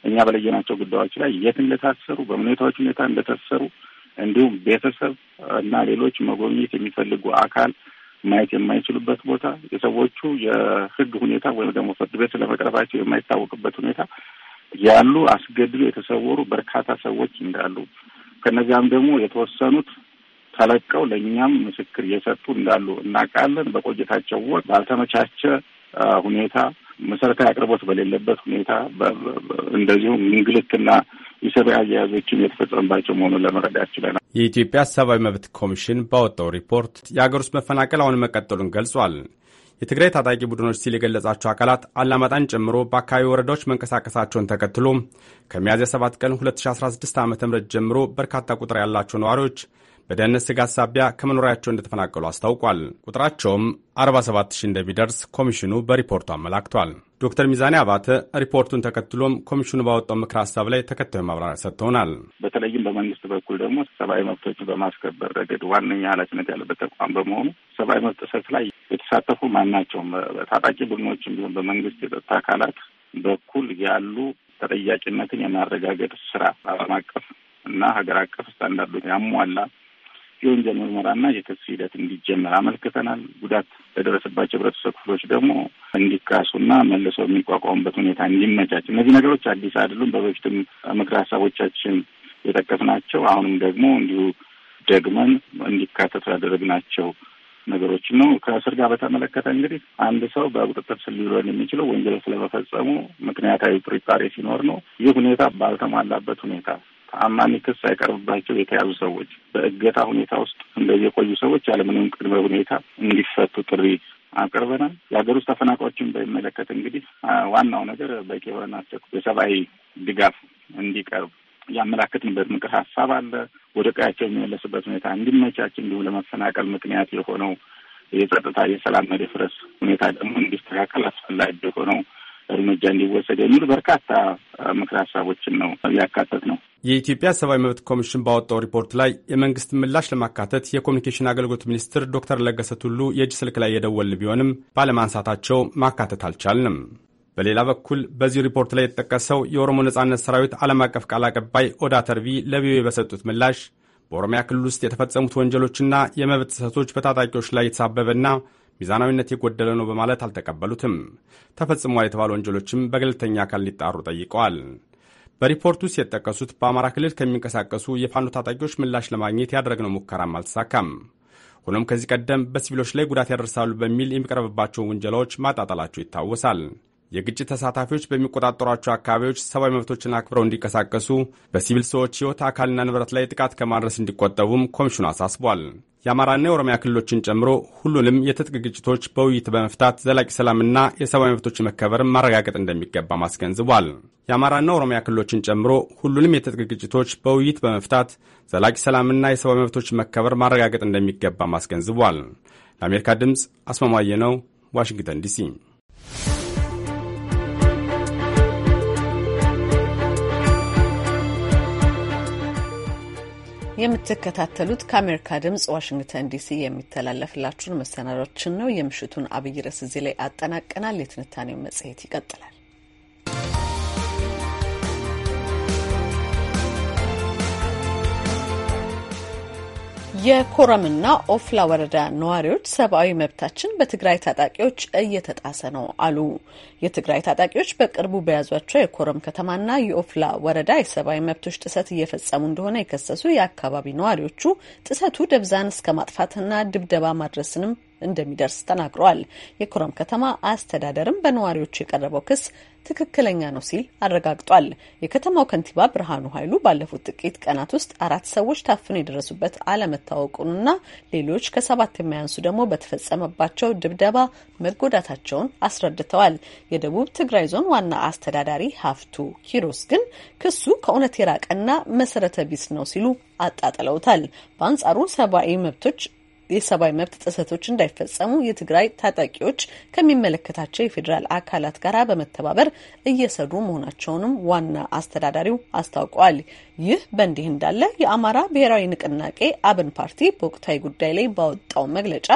እኛ በለየናቸው ጉዳዮች ላይ የት እንደታሰሩ፣ በሁኔታዎች ሁኔታ እንደታሰሩ እንዲሁም ቤተሰብ እና ሌሎች መጎብኘት የሚፈልጉ አካል ማየት የማይችሉበት ቦታ፣ የሰዎቹ የህግ ሁኔታ ወይም ደግሞ ፍርድ ቤት ስለመቅረባቸው የማይታወቅበት ሁኔታ ያሉ አስገድሎ የተሰወሩ በርካታ ሰዎች እንዳሉ ከነዚያም ደግሞ የተወሰኑት ተለቀው ለእኛም ምስክር እየሰጡ እንዳሉ እናውቃለን። በቆይታቸው ወቅት ባልተመቻቸ ሁኔታ መሰረታዊ አቅርቦት በሌለበት ሁኔታ እንደዚሁም እንግልትና የሰብአዊ አያያዞችም የተፈጸመባቸው መሆኑን ለመረዳት ችለናል። የኢትዮጵያ ሰብአዊ መብት ኮሚሽን ባወጣው ሪፖርት የአገር ውስጥ መፈናቀል አሁን መቀጠሉን ገልጿል። የትግራይ ታጣቂ ቡድኖች ሲል የገለጻቸው አካላት አላማጣን ጨምሮ በአካባቢ ወረዳዎች መንቀሳቀሳቸውን ተከትሎ ከሚያዝያ 7 ቀን 2016 ዓ ም ጀምሮ በርካታ ቁጥር ያላቸው ነዋሪዎች በደህንነት ስጋት ሳቢያ ከመኖሪያቸው እንደተፈናቀሉ አስታውቋል። ቁጥራቸውም 47 እንደሚደርስ ኮሚሽኑ በሪፖርቱ አመላክቷል። ዶክተር ሚዛኔ አባተ ሪፖርቱን ተከትሎም ኮሚሽኑ ባወጣው ምክር ሀሳብ ላይ ተከታዩ ማብራሪያ ሰጥተውናል። በተለይም በመንግስት በኩል ደግሞ ሰብአዊ መብቶችን በማስከበር ረገድ ዋነኛ ኃላፊነት ያለበት ተቋም በመሆኑ ሰብአዊ መብት ጥሰት ላይ የተሳተፉ ማናቸውም ታጣቂ ቡድኖችም ቢሆን በመንግስት የጸጥታ አካላት በኩል ያሉ ተጠያቂነትን የማረጋገጥ ስራ ዓለም አቀፍ እና ሀገር አቀፍ ስታንዳርዶች ያሟላ የወንጀል ምርመራና የክስ ሂደት እንዲጀመር አመልክተናል። ጉዳት ለደረሰባቸው ህብረተሰብ ክፍሎች ደግሞ እንዲካሱና መልሰው የሚቋቋሙበት ሁኔታ እንዲመቻች፣ እነዚህ ነገሮች አዲስ አይደሉም። በበፊትም ምክር ሀሳቦቻችን የጠቀስናቸው አሁንም ደግሞ እንዲሁ ደግመን እንዲካተቱ ያደረግናቸው ነገሮች ነው። ከእስር ጋር በተመለከተ እንግዲህ አንድ ሰው በቁጥጥር ስር ሊውል የሚችለው ወንጀል ስለመፈጸሙ ምክንያታዊ ጥርጣሬ ሲኖር ነው። ይህ ሁኔታ ባልተሟላበት ሁኔታ ታማኒ ክስ ሳይቀርብባቸው የተያዙ ሰዎች በእገታ ሁኔታ ውስጥ እንደዚህ የቆዩ ሰዎች ያለምንም ቅድመ ሁኔታ እንዲፈቱ ጥሪ አቅርበናል። የሀገር ውስጥ ተፈናቃዮችን በሚመለከት እንግዲህ ዋናው ነገር በቂ የሆነ የሰብአዊ ድጋፍ እንዲቀርብ ያመላከትንበት ምክር ሀሳብ አለ። ወደ ቀያቸው የሚመለስበት ሁኔታ እንዲመቻች፣ እንዲሁም ለመፈናቀል ምክንያት የሆነው የጸጥታ የሰላም መደፍረስ ሁኔታ ደግሞ እንዲስተካከል አስፈላጊ የሆነው እርምጃ እንዲወሰድ የሚል በርካታ ምክር ሀሳቦችን ነው ያካተት ነው። የኢትዮጵያ ሰብአዊ መብት ኮሚሽን ባወጣው ሪፖርት ላይ የመንግስት ምላሽ ለማካተት የኮሚኒኬሽን አገልግሎት ሚኒስትር ዶክተር ለገሰ ቱሉ የእጅ ስልክ ላይ የደወል ቢሆንም ባለማንሳታቸው ማካተት አልቻልንም። በሌላ በኩል በዚህ ሪፖርት ላይ የተጠቀሰው የኦሮሞ ነጻነት ሰራዊት ዓለም አቀፍ ቃል አቀባይ ኦዳ ተርቢ ለቪኦኤ በሰጡት ምላሽ በኦሮሚያ ክልል ውስጥ የተፈጸሙት ወንጀሎችና የመብት ጥሰቶች በታጣቂዎች ላይ የተሳበበና ሚዛናዊነት የጎደለ ነው በማለት አልተቀበሉትም። ተፈጽሟል የተባሉ ወንጀሎችም በገለልተኛ አካል ሊጣሩ ጠይቀዋል። በሪፖርቱ ውስጥ የተጠቀሱት በአማራ ክልል ከሚንቀሳቀሱ የፋኖ ታጣቂዎች ምላሽ ለማግኘት ያደረግነው ሙከራም አልተሳካም። ሆኖም ከዚህ ቀደም በሲቪሎች ላይ ጉዳት ያደርሳሉ በሚል የሚቀርብባቸውን ውንጀላዎች ማጣጣላቸው ይታወሳል። የግጭት ተሳታፊዎች በሚቆጣጠሯቸው አካባቢዎች ሰብአዊ መብቶችን አክብረው እንዲንቀሳቀሱ፣ በሲቪል ሰዎች ህይወት አካልና ንብረት ላይ ጥቃት ከማድረስ እንዲቆጠቡም ኮሚሽኑ አሳስቧል። የአማራና የኦሮሚያ ክልሎችን ጨምሮ ሁሉንም የትጥቅ ግጭቶች በውይይት በመፍታት ዘላቂ ሰላምና የሰብአዊ መብቶች መከበርን ማረጋገጥ እንደሚገባ ማስገንዝቧል። የአማራና ኦሮሚያ ክልሎችን ጨምሮ ሁሉንም የትጥቅ ግጭቶች በውይይት በመፍታት ዘላቂ ሰላምና የሰብአዊ መብቶች መከበር ማረጋገጥ እንደሚገባ ማስገንዝቧል። ለአሜሪካ ድምፅ አስማማየ ነው፣ ዋሽንግተን ዲሲ የምትከታተሉት ከአሜሪካ ድምጽ ዋሽንግተን ዲሲ የሚተላለፍላችሁን መሰናዶችን ነው። የምሽቱን አብይ ርዕስ እዚህ ላይ አጠናቀናል። የትንታኔው መጽሔት ይቀጥላል። የኮረምና ኦፍላ ወረዳ ነዋሪዎች ሰብአዊ መብታችን በትግራይ ታጣቂዎች እየተጣሰ ነው አሉ። የትግራይ ታጣቂዎች በቅርቡ በያዟቸው የኮረም ከተማና የኦፍላ ወረዳ የሰብአዊ መብቶች ጥሰት እየፈጸሙ እንደሆነ የከሰሱ የአካባቢ ነዋሪዎቹ ጥሰቱ ደብዛን እስከ ማጥፋትና ድብደባ ማድረስንም እንደሚደርስ ተናግረዋል። የኮረም ከተማ አስተዳደርም በነዋሪዎቹ የቀረበው ክስ ትክክለኛ ነው ሲል አረጋግጧል። የከተማው ከንቲባ ብርሃኑ ኃይሉ ባለፉት ጥቂት ቀናት ውስጥ አራት ሰዎች ታፍነው የደረሱበት አለመታወቁንና ሌሎች ከሰባት የሚያንሱ ደግሞ በተፈጸመባቸው ድብደባ መጎዳታቸውን አስረድተዋል። የደቡብ ትግራይ ዞን ዋና አስተዳዳሪ ሀፍቱ ኪሮስ ግን ክሱ ከእውነት የራቀና መሰረተ ቢስ ነው ሲሉ አጣጥለውታል። በአንጻሩ ሰብአዊ መብቶች የሰብአዊ መብት ጥሰቶች እንዳይፈጸሙ የትግራይ ታጣቂዎች ከሚመለከታቸው የፌዴራል አካላት ጋር በመተባበር እየሰሩ መሆናቸውንም ዋና አስተዳዳሪው አስታውቀዋል። ይህ በእንዲህ እንዳለ የአማራ ብሔራዊ ንቅናቄ አብን ፓርቲ በወቅታዊ ጉዳይ ላይ ባወጣው መግለጫ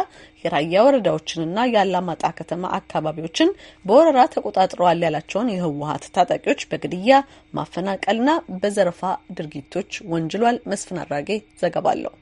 የራያ ወረዳዎችንና የአላማጣ ከተማ አካባቢዎችን በወረራ ተቆጣጥረዋል ያላቸውን የህወሀት ታጣቂዎች በግድያ ማፈናቀልና በዘረፋ ድርጊቶች ወንጅሏል። መስፍን አራጌ ዘገባ አለው።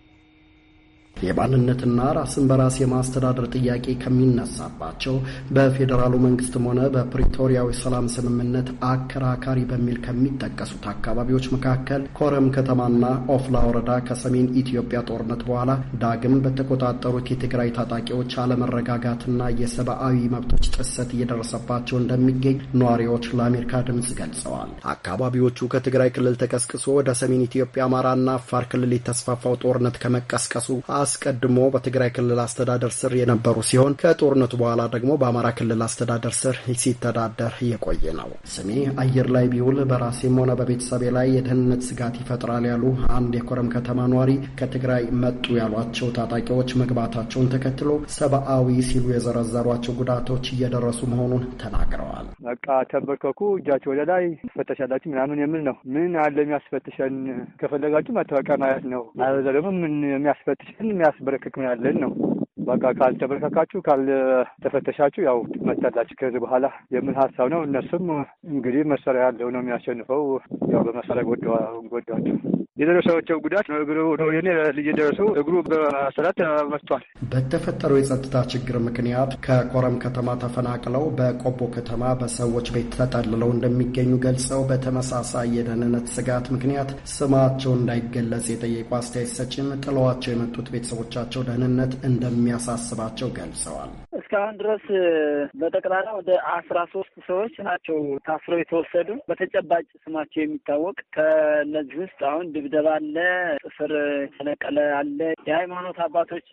የማንነትና ራስን በራስ የማስተዳደር ጥያቄ ከሚነሳባቸው በፌዴራሉ መንግስትም ሆነ በፕሪቶሪያዊ ሰላም ስምምነት አከራካሪ በሚል ከሚጠቀሱት አካባቢዎች መካከል ኮረም ከተማና ኦፍላ ወረዳ ከሰሜን ኢትዮጵያ ጦርነት በኋላ ዳግም በተቆጣጠሩት የትግራይ ታጣቂዎች አለመረጋጋትና የሰብአዊ መብቶች ጥሰት እየደረሰባቸው እንደሚገኝ ነዋሪዎች ለአሜሪካ ድምጽ ገልጸዋል። አካባቢዎቹ ከትግራይ ክልል ተቀስቅሶ ወደ ሰሜን ኢትዮጵያ አማራና አፋር ክልል የተስፋፋው ጦርነት ከመቀስቀሱ አስቀድሞ በትግራይ ክልል አስተዳደር ስር የነበሩ ሲሆን ከጦርነቱ በኋላ ደግሞ በአማራ ክልል አስተዳደር ስር ሲተዳደር የቆየ ነው። ስሜ አየር ላይ ቢውል በራሴም ሆነ በቤተሰቤ ላይ የደህንነት ስጋት ይፈጥራል ያሉ አንድ የኮረም ከተማ ነዋሪ ከትግራይ መጡ ያሏቸው ታጣቂዎች መግባታቸውን ተከትሎ ሰብአዊ ሲሉ የዘረዘሯቸው ጉዳቶች እየደረሱ መሆኑን ተናግረዋል። በቃ ተንበርከኩ፣ እጃቸው ወደ ላይ ትፈተሻላችሁ ምናምን የምል ነው። ምን አለ የሚያስፈትሸን? ከፈለጋችሁ መታወቂያ ማየት ነው። አለበለዚያ ደግሞ ምን የሚያስፈትሸን የሚያስበረክክ ምን ያለን ነው። በቃ ካልተበረከካችሁ ካልተፈተሻችሁ ያው ትመታላችሁ ከዚህ በኋላ የምል ሀሳብ ነው። እነሱም እንግዲህ መሳሪያ ያለው ነው የሚያሸንፈው። ያው በመሳሪያ ጎዳቸው። የደረሰቸው ጉዳት ነው። እግሩ ወደ ልጅ ደረሱ። እግሩ በስለት መጥቷል። በተፈጠረው የጸጥታ ችግር ምክንያት ከኮረም ከተማ ተፈናቅለው በቆቦ ከተማ በሰዎች ቤት ተጠልለው እንደሚገኙ ገልጸው በተመሳሳይ የደህንነት ስጋት ምክንያት ስማቸው እንዳይገለጽ የጠየቁ አስተያየት ሰጪም ጥለዋቸው የመጡት ቤተሰቦቻቸው ደህንነት እንደሚያሳስባቸው ገልጸዋል። እስካሁን ድረስ በጠቅላላ ወደ አስራ ሶስት ሰዎች ናቸው ታስረው የተወሰዱ በተጨባጭ ስማቸው የሚታወቅ ከእነዚህ ውስጥ አሁን ድብደባ አለ፣ ጥፍር ተነቀለ አለ። የሃይማኖት አባቶች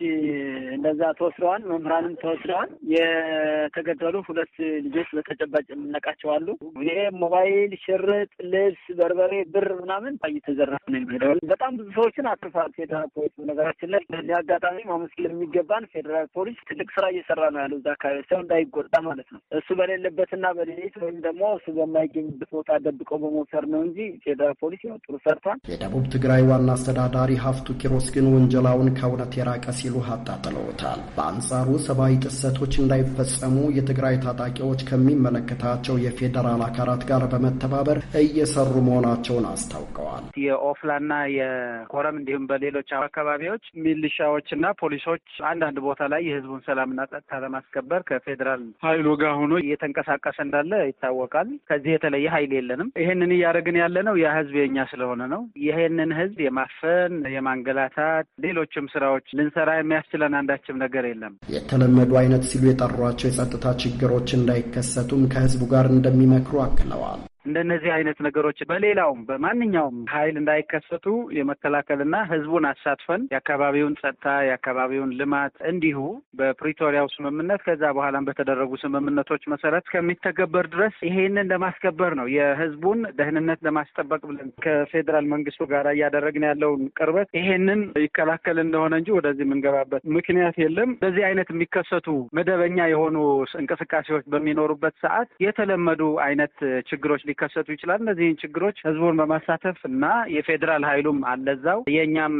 እንደዛ ተወስደዋል። መምህራንም ተወስደዋል። የተገደሉ ሁለት ልጆች በተጨባጭ የምናውቃቸው አሉ። ይሄ ሞባይል፣ ሽርጥ፣ ልብስ፣ በርበሬ፣ ብር ምናምን እየተዘረፈ ነው የሚሄደው። በጣም ብዙ ሰዎችን አትርፋል ፌዴራል ፖሊስ። በነገራችን ላይ በዚህ አጋጣሚ ማመስገን የሚገባን ፌዴራል ፖሊስ ትልቅ ስራ እየሰራ ነው። ነው ያለው። እዛ አካባቢ ሰው እንዳይጎዳ ማለት ነው። እሱ በሌለበትና በሌሊት ወይም ደግሞ እሱ በማይገኝበት ቦታ ደብቀው በመውሰድ ነው እንጂ ፌደራል ፖሊስ ያው ጥሩ ሰርቷል። የደቡብ ትግራይ ዋና አስተዳዳሪ ሀፍቱ ኪሮስ ግን ወንጀላውን ከእውነት የራቀ ሲሉ አጣጥለውታል። በአንጻሩ ሰብአዊ ጥሰቶች እንዳይፈጸሙ የትግራይ ታጣቂዎች ከሚመለከታቸው የፌዴራል አካላት ጋር በመተባበር እየሰሩ መሆናቸውን አስታውቀዋል። የኦፍላና የኮረም እንዲሁም በሌሎች አካባቢዎች ሚሊሻዎችና ፖሊሶች አንዳንድ ቦታ ላይ የህዝቡን ሰላምና ጸጥታ ለማስከበር ከፌዴራል ኃይሉ ጋር ሆኖ እየተንቀሳቀሰ እንዳለ ይታወቃል። ከዚህ የተለየ ኃይል የለንም። ይሄንን እያደረግን ያለ ነው የህዝብ የኛ ስለሆነ ነው። ይሄንን ህዝብ የማፈን የማንገላታት፣ ሌሎችም ስራዎች ልንሰራ የሚያስችለን አንዳችም ነገር የለም። የተለመዱ አይነት ሲሉ የጠሯቸው የጸጥታ ችግሮች እንዳይከሰቱም ከህዝቡ ጋር እንደሚመክሩ አክለዋል። እንደነዚህ አይነት ነገሮች በሌላውም በማንኛውም ኃይል እንዳይከሰቱ የመከላከልና ህዝቡን አሳትፈን የአካባቢውን ጸጥታ የአካባቢውን ልማት እንዲሁ በፕሪቶሪያው ስምምነት ከዛ በኋላም በተደረጉ ስምምነቶች መሰረት እስከሚተገበር ድረስ ይሄንን ለማስከበር ነው የህዝቡን ደህንነት ለማስጠበቅ ብለን ከፌዴራል መንግስቱ ጋር እያደረግን ያለውን ቅርበት ይሄንን ይከላከል እንደሆነ እንጂ ወደዚህ የምንገባበት ምክንያት የለም። እንደዚህ አይነት የሚከሰቱ መደበኛ የሆኑ እንቅስቃሴዎች በሚኖሩበት ሰዓት የተለመዱ አይነት ችግሮች ሊከሰቱ ይችላል። እነዚህን ችግሮች ህዝቡን በማሳተፍ እና የፌዴራል ኃይሉም አለዛው የእኛም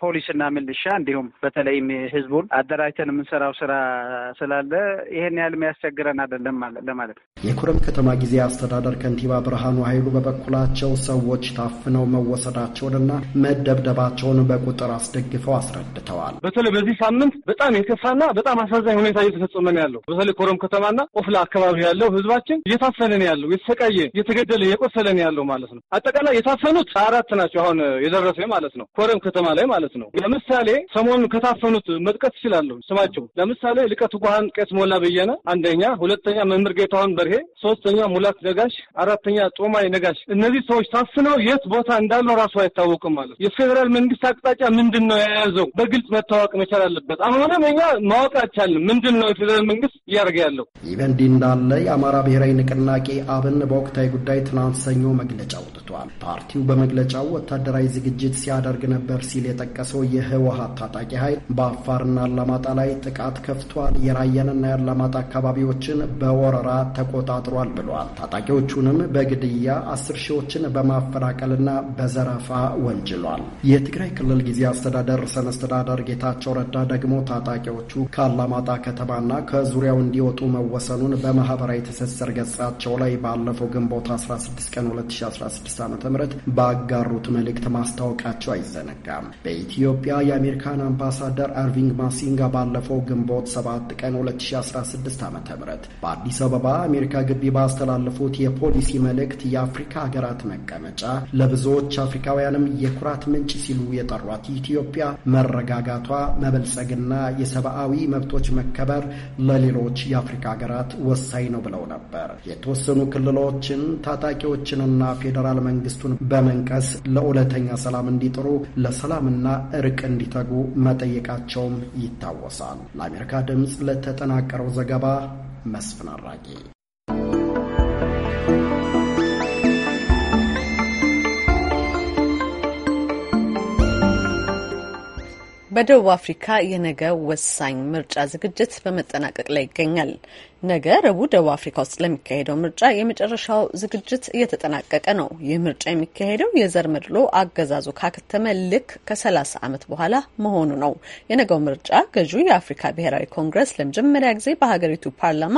ፖሊስና ምልሻ እንዲሁም በተለይም ህዝቡን አደራጅተን የምንሰራው ስራ ስላለ ይሄን ያህል የሚያስቸግረን አይደለም ለማለት ነው። የኩረም ከተማ ጊዜ አስተዳደር ከንቲባ ብርሃኑ ኃይሉ በበኩላቸው ሰዎች ታፍነው መወሰዳቸውንና መደብደባቸውን በቁጥር አስደግፈው አስረድተዋል። በተለይ በዚህ ሳምንት በጣም የከፋና በጣም አሳዛኝ ሁኔታ እየተፈጸመ ነው ያለው። በተለይ ኮረም ከተማና ቆፍላ አካባቢ ያለው ህዝባችን እየታፈነ ነው ያለው፣ የተሰቃየ የተገደለ የቆሰለን ያለው ማለት ነው። አጠቃላይ የታፈኑት አራት ናቸው አሁን የደረሰ ማለት ነው፣ ኮረም ከተማ ላይ ማለት ነው። ለምሳሌ ሰሞኑን ከታፈኑት መጥቀስ ይችላለሁ ስማቸው። ለምሳሌ ልቀቱ ጓሃን ቄስ ሞላ በየነ አንደኛ፣ ሁለተኛ መምህር ጌታሁን በርሄ፣ ሶስተኛ ሙላት ነጋሽ፣ አራተኛ ጦማይ ነጋሽ። እነዚህ ሰዎች ታፍነው የት ቦታ እንዳለው ራሱ አይታወቅም ማለት ነው። የፌዴራል መንግስት አቅጣጫ ምንድን ነው የያዘው በግልጽ መታወቅ መቻል አለበት። አሁንም እኛ ማወቅ አልቻልንም። ምንድን ነው የፌዴራል መንግስት እያደረገ ያለው? ይህ በእንዲህ እንዳለ የአማራ ብሔራዊ ንቅናቄ አብን በወቅታዊ ጉዳይ ትናንት ሰኞ መግለጫ አውጥቷል። ፓርቲው በመግለጫው ወታደራዊ ዝግጅት ሲያደርግ ነበር ሲል የጠቀሰው የህወሀት ታጣቂ ኃይል በአፋርና አላማጣ ላይ ጥቃት ከፍቷል፣ የራያንና የአላማጣ አካባቢዎችን በወረራ ተቆጣጥሯል ብሏል። ታጣቂዎቹንም በግድያ አስር ሺዎችን በማፈራቀልና በዘረፋ ወንጅሏል። የትግራይ ክልል ጊዜ አስተዳደር ርዕሰ መስተዳደር ጌታቸው ረዳ ደግሞ ታጣቂዎቹ ከአላማጣ ከተማና ከዙሪያው እንዲወጡ መወሰኑን በማህበራዊ ትስስር ገጻቸው ላይ ባለፈው ግንቦት ግንቦት 16 ቀን 2016 ዓ ም ባጋሩት መልእክት ማስታወቂያቸው አይዘነጋም። በኢትዮጵያ የአሜሪካን አምባሳደር አርቪንግ ማሲንጋ ባለፈው ግንቦት 7 ቀን 2016 ዓ ም በአዲስ አበባ አሜሪካ ግቢ ባስተላለፉት የፖሊሲ መልእክት የአፍሪካ ሀገራት መቀመጫ ለብዙዎች አፍሪካውያንም የኩራት ምንጭ ሲሉ የጠሯት ኢትዮጵያ መረጋጋቷ፣ መበልጸግና የሰብአዊ መብቶች መከበር ለሌሎች የአፍሪካ ሀገራት ወሳኝ ነው ብለው ነበር። የተወሰኑ ክልሎችን ታጣቂዎችንና ፌዴራል መንግስቱን በመንቀስ ለእውነተኛ ሰላም እንዲጥሩ ለሰላምና እርቅ እንዲተጉ መጠየቃቸውም ይታወሳል። ለአሜሪካ ድምፅ ለተጠናቀረው ዘገባ መስፍን አራጌ በደቡብ አፍሪካ የነገ ወሳኝ ምርጫ ዝግጅት በመጠናቀቅ ላይ ይገኛል። ነገ ረቡዕ ደቡብ አፍሪካ ውስጥ ለሚካሄደው ምርጫ የመጨረሻው ዝግጅት እየተጠናቀቀ ነው። ይህ ምርጫ የሚካሄደው የዘር መድሎ አገዛዙ ካከተመ ልክ ከ30 ዓመት በኋላ መሆኑ ነው። የነገው ምርጫ ገዢው የአፍሪካ ብሔራዊ ኮንግረስ ለመጀመሪያ ጊዜ በሀገሪቱ ፓርላማ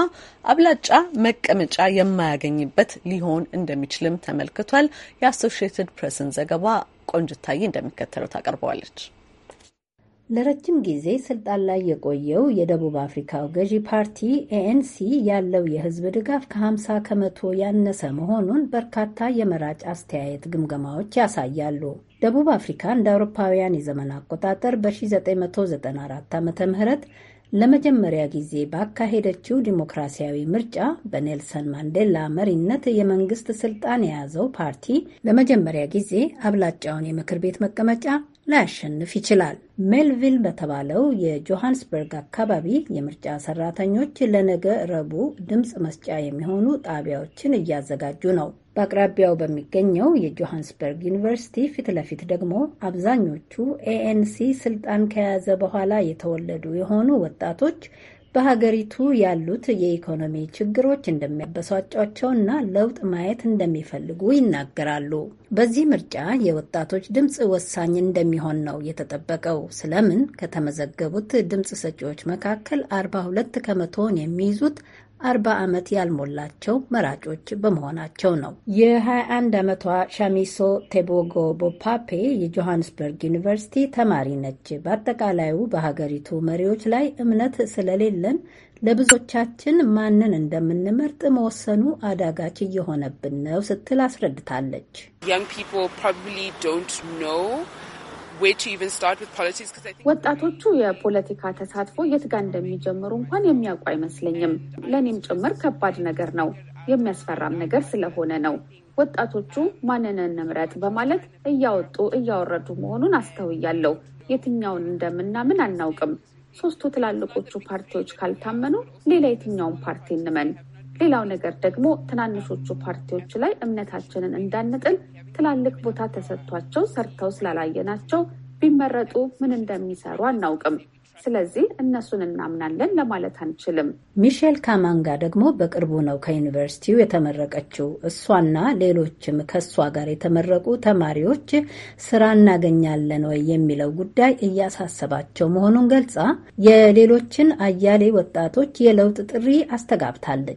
አብላጫ መቀመጫ የማያገኝበት ሊሆን እንደሚችልም ተመልክቷል። የአሶሽየትድ ፕሬስን ዘገባ ቆንጅታዬ እንደሚከተለው ታቀርበዋለች። ለረጅም ጊዜ ስልጣን ላይ የቆየው የደቡብ አፍሪካው ገዢ ፓርቲ ኤኤንሲ ያለው የህዝብ ድጋፍ ከ50 ከመቶ ያነሰ መሆኑን በርካታ የመራጭ አስተያየት ግምገማዎች ያሳያሉ። ደቡብ አፍሪካ እንደ አውሮፓውያን የዘመን አቆጣጠር በ1994 ዓ ም ለመጀመሪያ ጊዜ ባካሄደችው ዲሞክራሲያዊ ምርጫ በኔልሰን ማንዴላ መሪነት የመንግስት ስልጣን የያዘው ፓርቲ ለመጀመሪያ ጊዜ አብላጫውን የምክር ቤት መቀመጫ ላያሸንፍ ይችላል። ሜልቪል በተባለው የጆሃንስበርግ አካባቢ የምርጫ ሰራተኞች ለነገ ረቡዕ ድምፅ መስጫ የሚሆኑ ጣቢያዎችን እያዘጋጁ ነው። በአቅራቢያው በሚገኘው የጆሃንስበርግ ዩኒቨርሲቲ ፊት ለፊት ደግሞ አብዛኞቹ ኤኤንሲ ስልጣን ከያዘ በኋላ የተወለዱ የሆኑ ወጣቶች በሀገሪቱ ያሉት የኢኮኖሚ ችግሮች እና ለውጥ ማየት እንደሚፈልጉ ይናገራሉ። በዚህ ምርጫ የወጣቶች ድምፅ ወሳኝ እንደሚሆን ነው የተጠበቀው። ስለምን ከተመዘገቡት ድምፅ ሰጪዎች መካከል 42 ከመቶውን የሚይዙት አርባ ዓመት ያልሞላቸው መራጮች በመሆናቸው ነው። የ21 ዓመቷ ሻሚሶ ቴቦጎ ቦፓፔ የጆሃንስበርግ ዩኒቨርሲቲ ተማሪ ነች። በአጠቃላዩ በሀገሪቱ መሪዎች ላይ እምነት ስለሌለን ለብዙዎቻችን ማንን እንደምንመርጥ መወሰኑ አዳጋች እየሆነብን ነው ስትል አስረድታለች። ወጣቶቹ የፖለቲካ ተሳትፎ የት ጋር እንደሚጀምሩ እንኳን የሚያውቁ አይመስለኝም። ለእኔም ጭምር ከባድ ነገር ነው፣ የሚያስፈራም ነገር ስለሆነ ነው። ወጣቶቹ ማንን እንምረጥ በማለት እያወጡ እያወረዱ መሆኑን አስተውያለሁ። የትኛውን እንደምናምን አናውቅም። ሶስቱ ትላልቆቹ ፓርቲዎች ካልታመኑ ሌላ የትኛውን ፓርቲ እንመን? ሌላው ነገር ደግሞ ትናንሾቹ ፓርቲዎች ላይ እምነታችንን እንዳንጥል ትላልቅ ቦታ ተሰጥቷቸው ሰርተው ስላላየናቸው ቢመረጡ ምን እንደሚሰሩ አናውቅም። ስለዚህ እነሱን እናምናለን ለማለት አንችልም። ሚሼል ካማንጋ ደግሞ በቅርቡ ነው ከዩኒቨርሲቲው የተመረቀችው። እሷና ሌሎችም ከእሷ ጋር የተመረቁ ተማሪዎች ስራ እናገኛለን ወይ የሚለው ጉዳይ እያሳሰባቸው መሆኑን ገልጻ የሌሎችን አያሌ ወጣቶች የለውጥ ጥሪ አስተጋብታለች።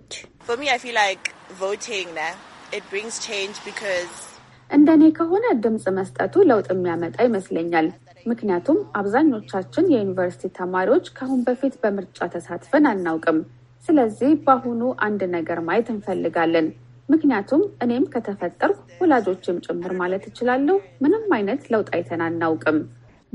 እንደኔ ከሆነ ድምፅ መስጠቱ ለውጥ የሚያመጣ ይመስለኛል። ምክንያቱም አብዛኞቻችን የዩኒቨርሲቲ ተማሪዎች ከአሁን በፊት በምርጫ ተሳትፈን አናውቅም። ስለዚህ በአሁኑ አንድ ነገር ማየት እንፈልጋለን። ምክንያቱም እኔም ከተፈጠርኩ ወላጆችም ጭምር ማለት እችላለሁ፣ ምንም አይነት ለውጥ አይተን አናውቅም።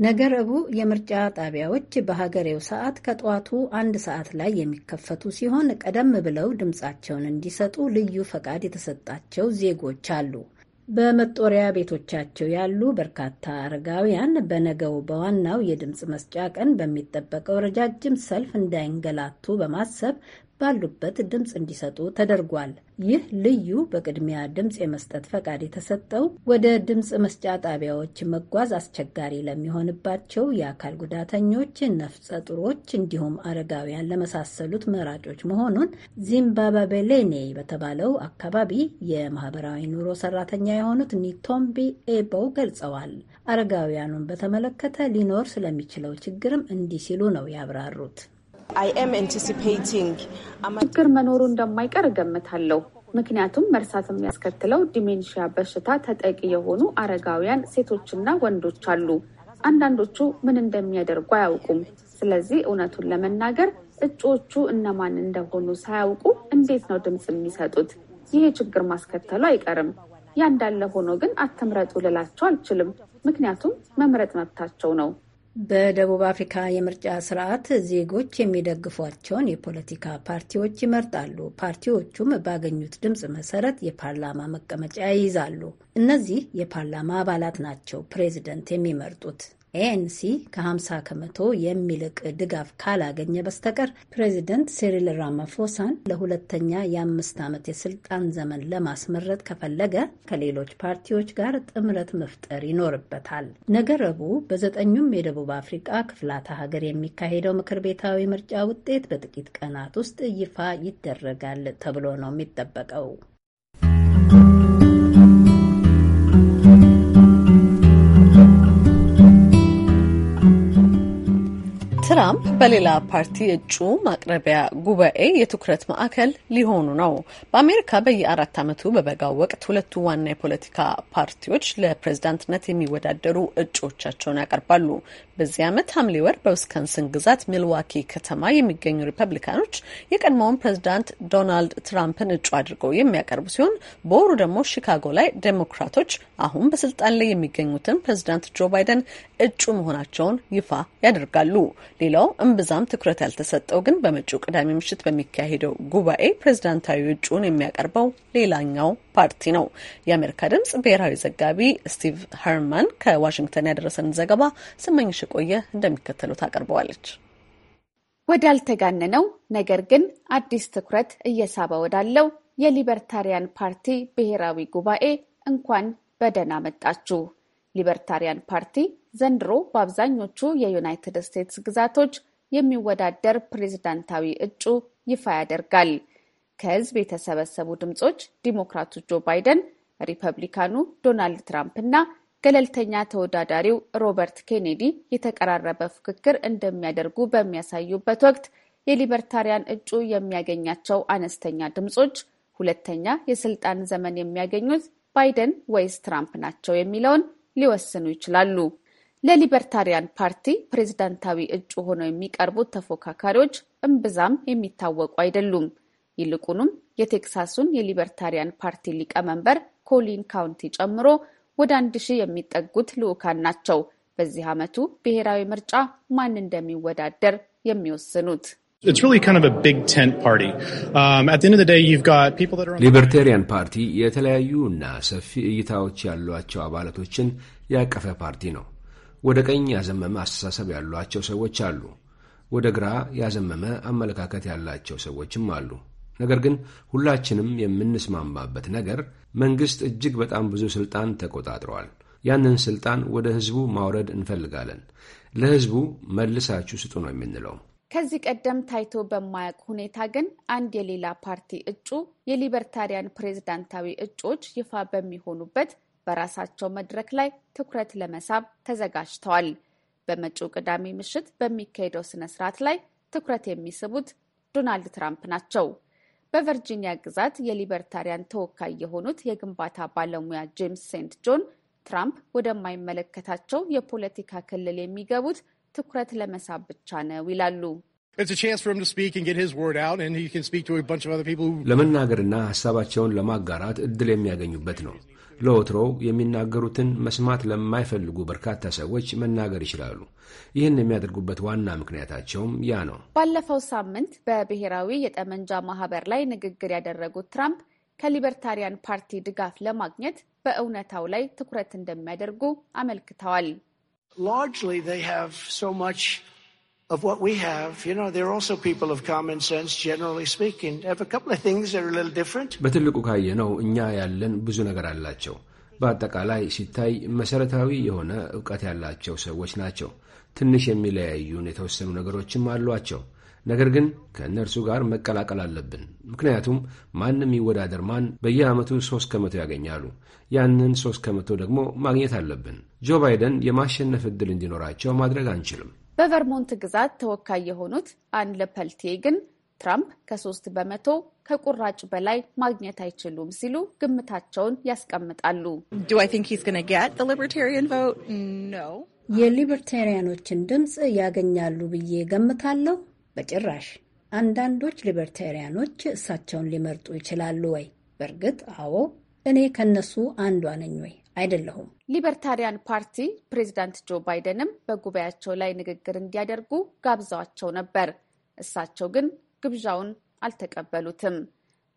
ነገ ረቡዕ የምርጫ ጣቢያዎች በሀገሬው ሰዓት ከጠዋቱ አንድ ሰዓት ላይ የሚከፈቱ ሲሆን ቀደም ብለው ድምፃቸውን እንዲሰጡ ልዩ ፈቃድ የተሰጣቸው ዜጎች አሉ። በመጦሪያ ቤቶቻቸው ያሉ በርካታ አረጋውያን በነገው በዋናው የድምፅ መስጫ ቀን በሚጠበቀው ረጃጅም ሰልፍ እንዳይንገላቱ በማሰብ ባሉበት ድምፅ እንዲሰጡ ተደርጓል። ይህ ልዩ በቅድሚያ ድምፅ የመስጠት ፈቃድ የተሰጠው ወደ ድምፅ መስጫ ጣቢያዎች መጓዝ አስቸጋሪ ለሚሆንባቸው የአካል ጉዳተኞች፣ ነፍሰ ጡሮች እንዲሁም አረጋውያን ለመሳሰሉት መራጮች መሆኑን ዚምባባቤሌኔ በተባለው አካባቢ የማህበራዊ ኑሮ ሰራተኛ የሆኑት ኒቶምቢ ኤቦው ገልጸዋል። አረጋውያኑን በተመለከተ ሊኖር ስለሚችለው ችግርም እንዲህ ሲሉ ነው ያብራሩት። ችግር መኖሩ እንደማይቀር እገምታለሁ። ምክንያቱም መርሳት የሚያስከትለው ዲሜንሺያ በሽታ ተጠቂ የሆኑ አረጋውያን ሴቶችና ወንዶች አሉ። አንዳንዶቹ ምን እንደሚያደርጉ አያውቁም። ስለዚህ እውነቱን ለመናገር እጩዎቹ እነማን እንደሆኑ ሳያውቁ እንዴት ነው ድምፅ የሚሰጡት? ይሄ ችግር ማስከተሉ አይቀርም። ያ እንዳለ ሆኖ ግን አትምረጡ ልላቸው አልችልም፣ ምክንያቱም መምረጥ መብታቸው ነው። በደቡብ አፍሪካ የምርጫ ስርዓት ዜጎች የሚደግፏቸውን የፖለቲካ ፓርቲዎች ይመርጣሉ። ፓርቲዎቹም ባገኙት ድምፅ መሰረት የፓርላማ መቀመጫ ይይዛሉ። እነዚህ የፓርላማ አባላት ናቸው ፕሬዚደንት የሚመርጡት። ኤኤንሲ ከ50 ከመቶ የሚልቅ ድጋፍ ካላገኘ በስተቀር ፕሬዚደንት ሴሪል ራማፎሳን ለሁለተኛ የአምስት ዓመት የስልጣን ዘመን ለማስመረጥ ከፈለገ ከሌሎች ፓርቲዎች ጋር ጥምረት መፍጠር ይኖርበታል። ነገ ረቡዕ በዘጠኙም የደቡብ አፍሪቃ ክፍላተ ሀገር የሚካሄደው ምክር ቤታዊ ምርጫ ውጤት በጥቂት ቀናት ውስጥ ይፋ ይደረጋል ተብሎ ነው የሚጠበቀው። ትራምፕ በሌላ ፓርቲ እጩ ማቅረቢያ ጉባኤ የትኩረት ማዕከል ሊሆኑ ነው። በአሜሪካ በየአራት ዓመቱ በበጋው ወቅት ሁለቱ ዋና የፖለቲካ ፓርቲዎች ለፕሬዝዳንትነት የሚወዳደሩ እጩዎቻቸውን ያቀርባሉ። በዚህ ዓመት ሐምሌ ወር በዊስከንስን ግዛት ሚልዋኪ ከተማ የሚገኙ ሪፐብሊካኖች የቀድሞውን ፕሬዝዳንት ዶናልድ ትራምፕን እጩ አድርገው የሚያቀርቡ ሲሆን በወሩ ደግሞ ሺካጎ ላይ ዴሞክራቶች አሁን በስልጣን ላይ የሚገኙትን ፕሬዝዳንት ጆ ባይደን እጩ መሆናቸውን ይፋ ያደርጋሉ። ሌላው እምብዛም ትኩረት ያልተሰጠው ግን በመጪው ቅዳሜ ምሽት በሚካሄደው ጉባኤ ፕሬዝዳንታዊ እጩን የሚያቀርበው ሌላኛው ፓርቲ ነው። የአሜሪካ ድምጽ ብሔራዊ ዘጋቢ ስቲቭ ሀርማን ከዋሽንግተን ያደረሰን ዘገባ ስመኝሽ ቆየ እንደሚከተሉት አቀርበዋለች። ወዳልተጋነነው ነገር ግን አዲስ ትኩረት እየሳበ ወዳለው የሊበርታሪያን ፓርቲ ብሔራዊ ጉባኤ እንኳን በደህና መጣችሁ። ሊበርታሪያን ፓርቲ ዘንድሮ በአብዛኞቹ የዩናይትድ ስቴትስ ግዛቶች የሚወዳደር ፕሬዝዳንታዊ እጩ ይፋ ያደርጋል። ከህዝብ የተሰበሰቡ ድምፆች ዲሞክራቱ ጆ ባይደን፣ ሪፐብሊካኑ ዶናልድ ትራምፕ እና ገለልተኛ ተወዳዳሪው ሮበርት ኬኔዲ የተቀራረበ ፉክክር እንደሚያደርጉ በሚያሳዩበት ወቅት የሊበርታሪያን እጩ የሚያገኛቸው አነስተኛ ድምፆች ሁለተኛ የስልጣን ዘመን የሚያገኙት ባይደን ወይስ ትራምፕ ናቸው የሚለውን ሊወስኑ ይችላሉ። ለሊበርታሪያን ፓርቲ ፕሬዝዳንታዊ እጩ ሆነው የሚቀርቡት ተፎካካሪዎች እምብዛም የሚታወቁ አይደሉም። ይልቁንም የቴክሳሱን የሊበርታሪያን ፓርቲ ሊቀመንበር ኮሊን ካውንቲ ጨምሮ ወደ አንድ ሺህ የሚጠጉት ልዑካን ናቸው በዚህ ዓመቱ ብሔራዊ ምርጫ ማን እንደሚወዳደር የሚወስኑት። um, ሊበርታሪያን ፓርቲ የተለያዩ እና ሰፊ እይታዎች ያሏቸው አባላቶችን ያቀፈ ፓርቲ ነው። ወደ ቀኝ ያዘመመ አስተሳሰብ ያሏቸው ሰዎች አሉ። ወደ ግራ ያዘመመ አመለካከት ያላቸው ሰዎችም አሉ። ነገር ግን ሁላችንም የምንስማማበት ነገር መንግሥት እጅግ በጣም ብዙ ሥልጣን ተቆጣጥረዋል። ያንን ሥልጣን ወደ ሕዝቡ ማውረድ እንፈልጋለን። ለሕዝቡ መልሳችሁ ስጡ ነው የምንለው። ከዚህ ቀደም ታይቶ በማያውቅ ሁኔታ ግን አንድ የሌላ ፓርቲ እጩ የሊበርታሪያን ፕሬዝዳንታዊ እጩዎች ይፋ በሚሆኑበት በራሳቸው መድረክ ላይ ትኩረት ለመሳብ ተዘጋጅተዋል። በመጪው ቅዳሜ ምሽት በሚካሄደው ስነ ስርዓት ላይ ትኩረት የሚስቡት ዶናልድ ትራምፕ ናቸው። በቨርጂኒያ ግዛት የሊበርታሪያን ተወካይ የሆኑት የግንባታ ባለሙያ ጄምስ ሴንት ጆን ትራምፕ ወደማይመለከታቸው የፖለቲካ ክልል የሚገቡት ትኩረት ለመሳብ ብቻ ነው ይላሉ። ለመናገርና ሀሳባቸውን ለማጋራት እድል የሚያገኙበት ነው። ለወትሮው የሚናገሩትን መስማት ለማይፈልጉ በርካታ ሰዎች መናገር ይችላሉ። ይህን የሚያደርጉበት ዋና ምክንያታቸውም ያ ነው። ባለፈው ሳምንት በብሔራዊ የጠመንጃ ማህበር ላይ ንግግር ያደረጉት ትራምፕ ከሊበርታሪያን ፓርቲ ድጋፍ ለማግኘት በእውነታው ላይ ትኩረት እንደሚያደርጉ አመልክተዋል። of what we have. You know, there are also people of common sense, generally speaking, have a couple of things that are a little different. በትልቁ ካየ ነው እኛ ያለን ብዙ ነገር አላቸው። በአጠቃላይ ሲታይ መሰረታዊ የሆነ እውቀት ያላቸው ሰዎች ናቸው። ትንሽ የሚለያዩን የተወሰኑ ነገሮችም አሏቸው። ነገር ግን ከእነርሱ ጋር መቀላቀል አለብን። ምክንያቱም ማንም ይወዳደር ማን በየዓመቱ ሦስት ከመቶ ያገኛሉ። ያንን ሦስት ከመቶ ደግሞ ማግኘት አለብን። ጆ ባይደን የማሸነፍ ዕድል እንዲኖራቸው ማድረግ አንችልም። በቨርሞንት ግዛት ተወካይ የሆኑት አን ለፐልቴ ግን ትራምፕ ከሶስት በመቶ ከቁራጭ በላይ ማግኘት አይችሉም ሲሉ ግምታቸውን ያስቀምጣሉ። የሊበርታሪያኖችን ድምፅ ያገኛሉ ብዬ ገምታለሁ? በጭራሽ። አንዳንዶች ሊበርታሪያኖች እሳቸውን ሊመርጡ ይችላሉ ወይ? በእርግጥ አዎ፣ እኔ ከነሱ አንዷ ነኝ ወይ? አይደለሁም። ሊበርታሪያን ፓርቲ ፕሬዚዳንት ጆ ባይደንም በጉባኤያቸው ላይ ንግግር እንዲያደርጉ ጋብዘዋቸው ነበር። እሳቸው ግን ግብዣውን አልተቀበሉትም።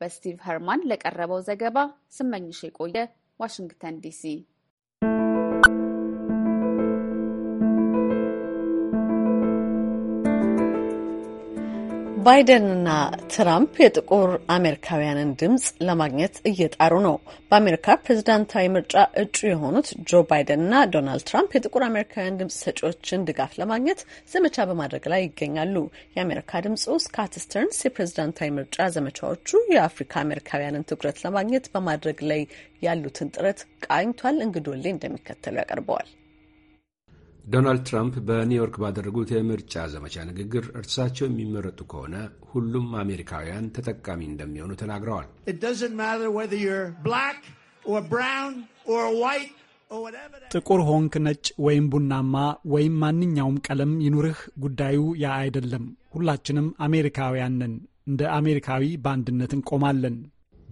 በስቲቭ ኸርማን ለቀረበው ዘገባ ስመኝሽ የቆየ ዋሽንግተን ዲሲ ባይደንና ትራምፕ የጥቁር አሜሪካውያንን ድምፅ ለማግኘት እየጣሩ ነው። በአሜሪካ ፕሬዝዳንታዊ ምርጫ እጩ የሆኑት ጆ ባይደንና ዶናልድ ትራምፕ የጥቁር አሜሪካውያን ድምፅ ሰጪዎችን ድጋፍ ለማግኘት ዘመቻ በማድረግ ላይ ይገኛሉ። የአሜሪካ ድምፅ ስካት ስተርንስ የፕሬዚዳንታዊ ምርጫ ዘመቻዎቹ የአፍሪካ አሜሪካውያንን ትኩረት ለማግኘት በማድረግ ላይ ያሉትን ጥረት ቃኝቷል። እንግዶሌ እንደሚከተሉ ያቀርበዋል። ዶናልድ ትራምፕ በኒውዮርክ ባደረጉት የምርጫ ዘመቻ ንግግር እርሳቸው የሚመረጡ ከሆነ ሁሉም አሜሪካውያን ተጠቃሚ እንደሚሆኑ ተናግረዋል። ጥቁር ሆንክ፣ ነጭ ወይም ቡናማ ወይም ማንኛውም ቀለም ይኑርህ፣ ጉዳዩ ያ አይደለም። ሁላችንም አሜሪካውያን ነን። እንደ አሜሪካዊ በአንድነት እንቆማለን።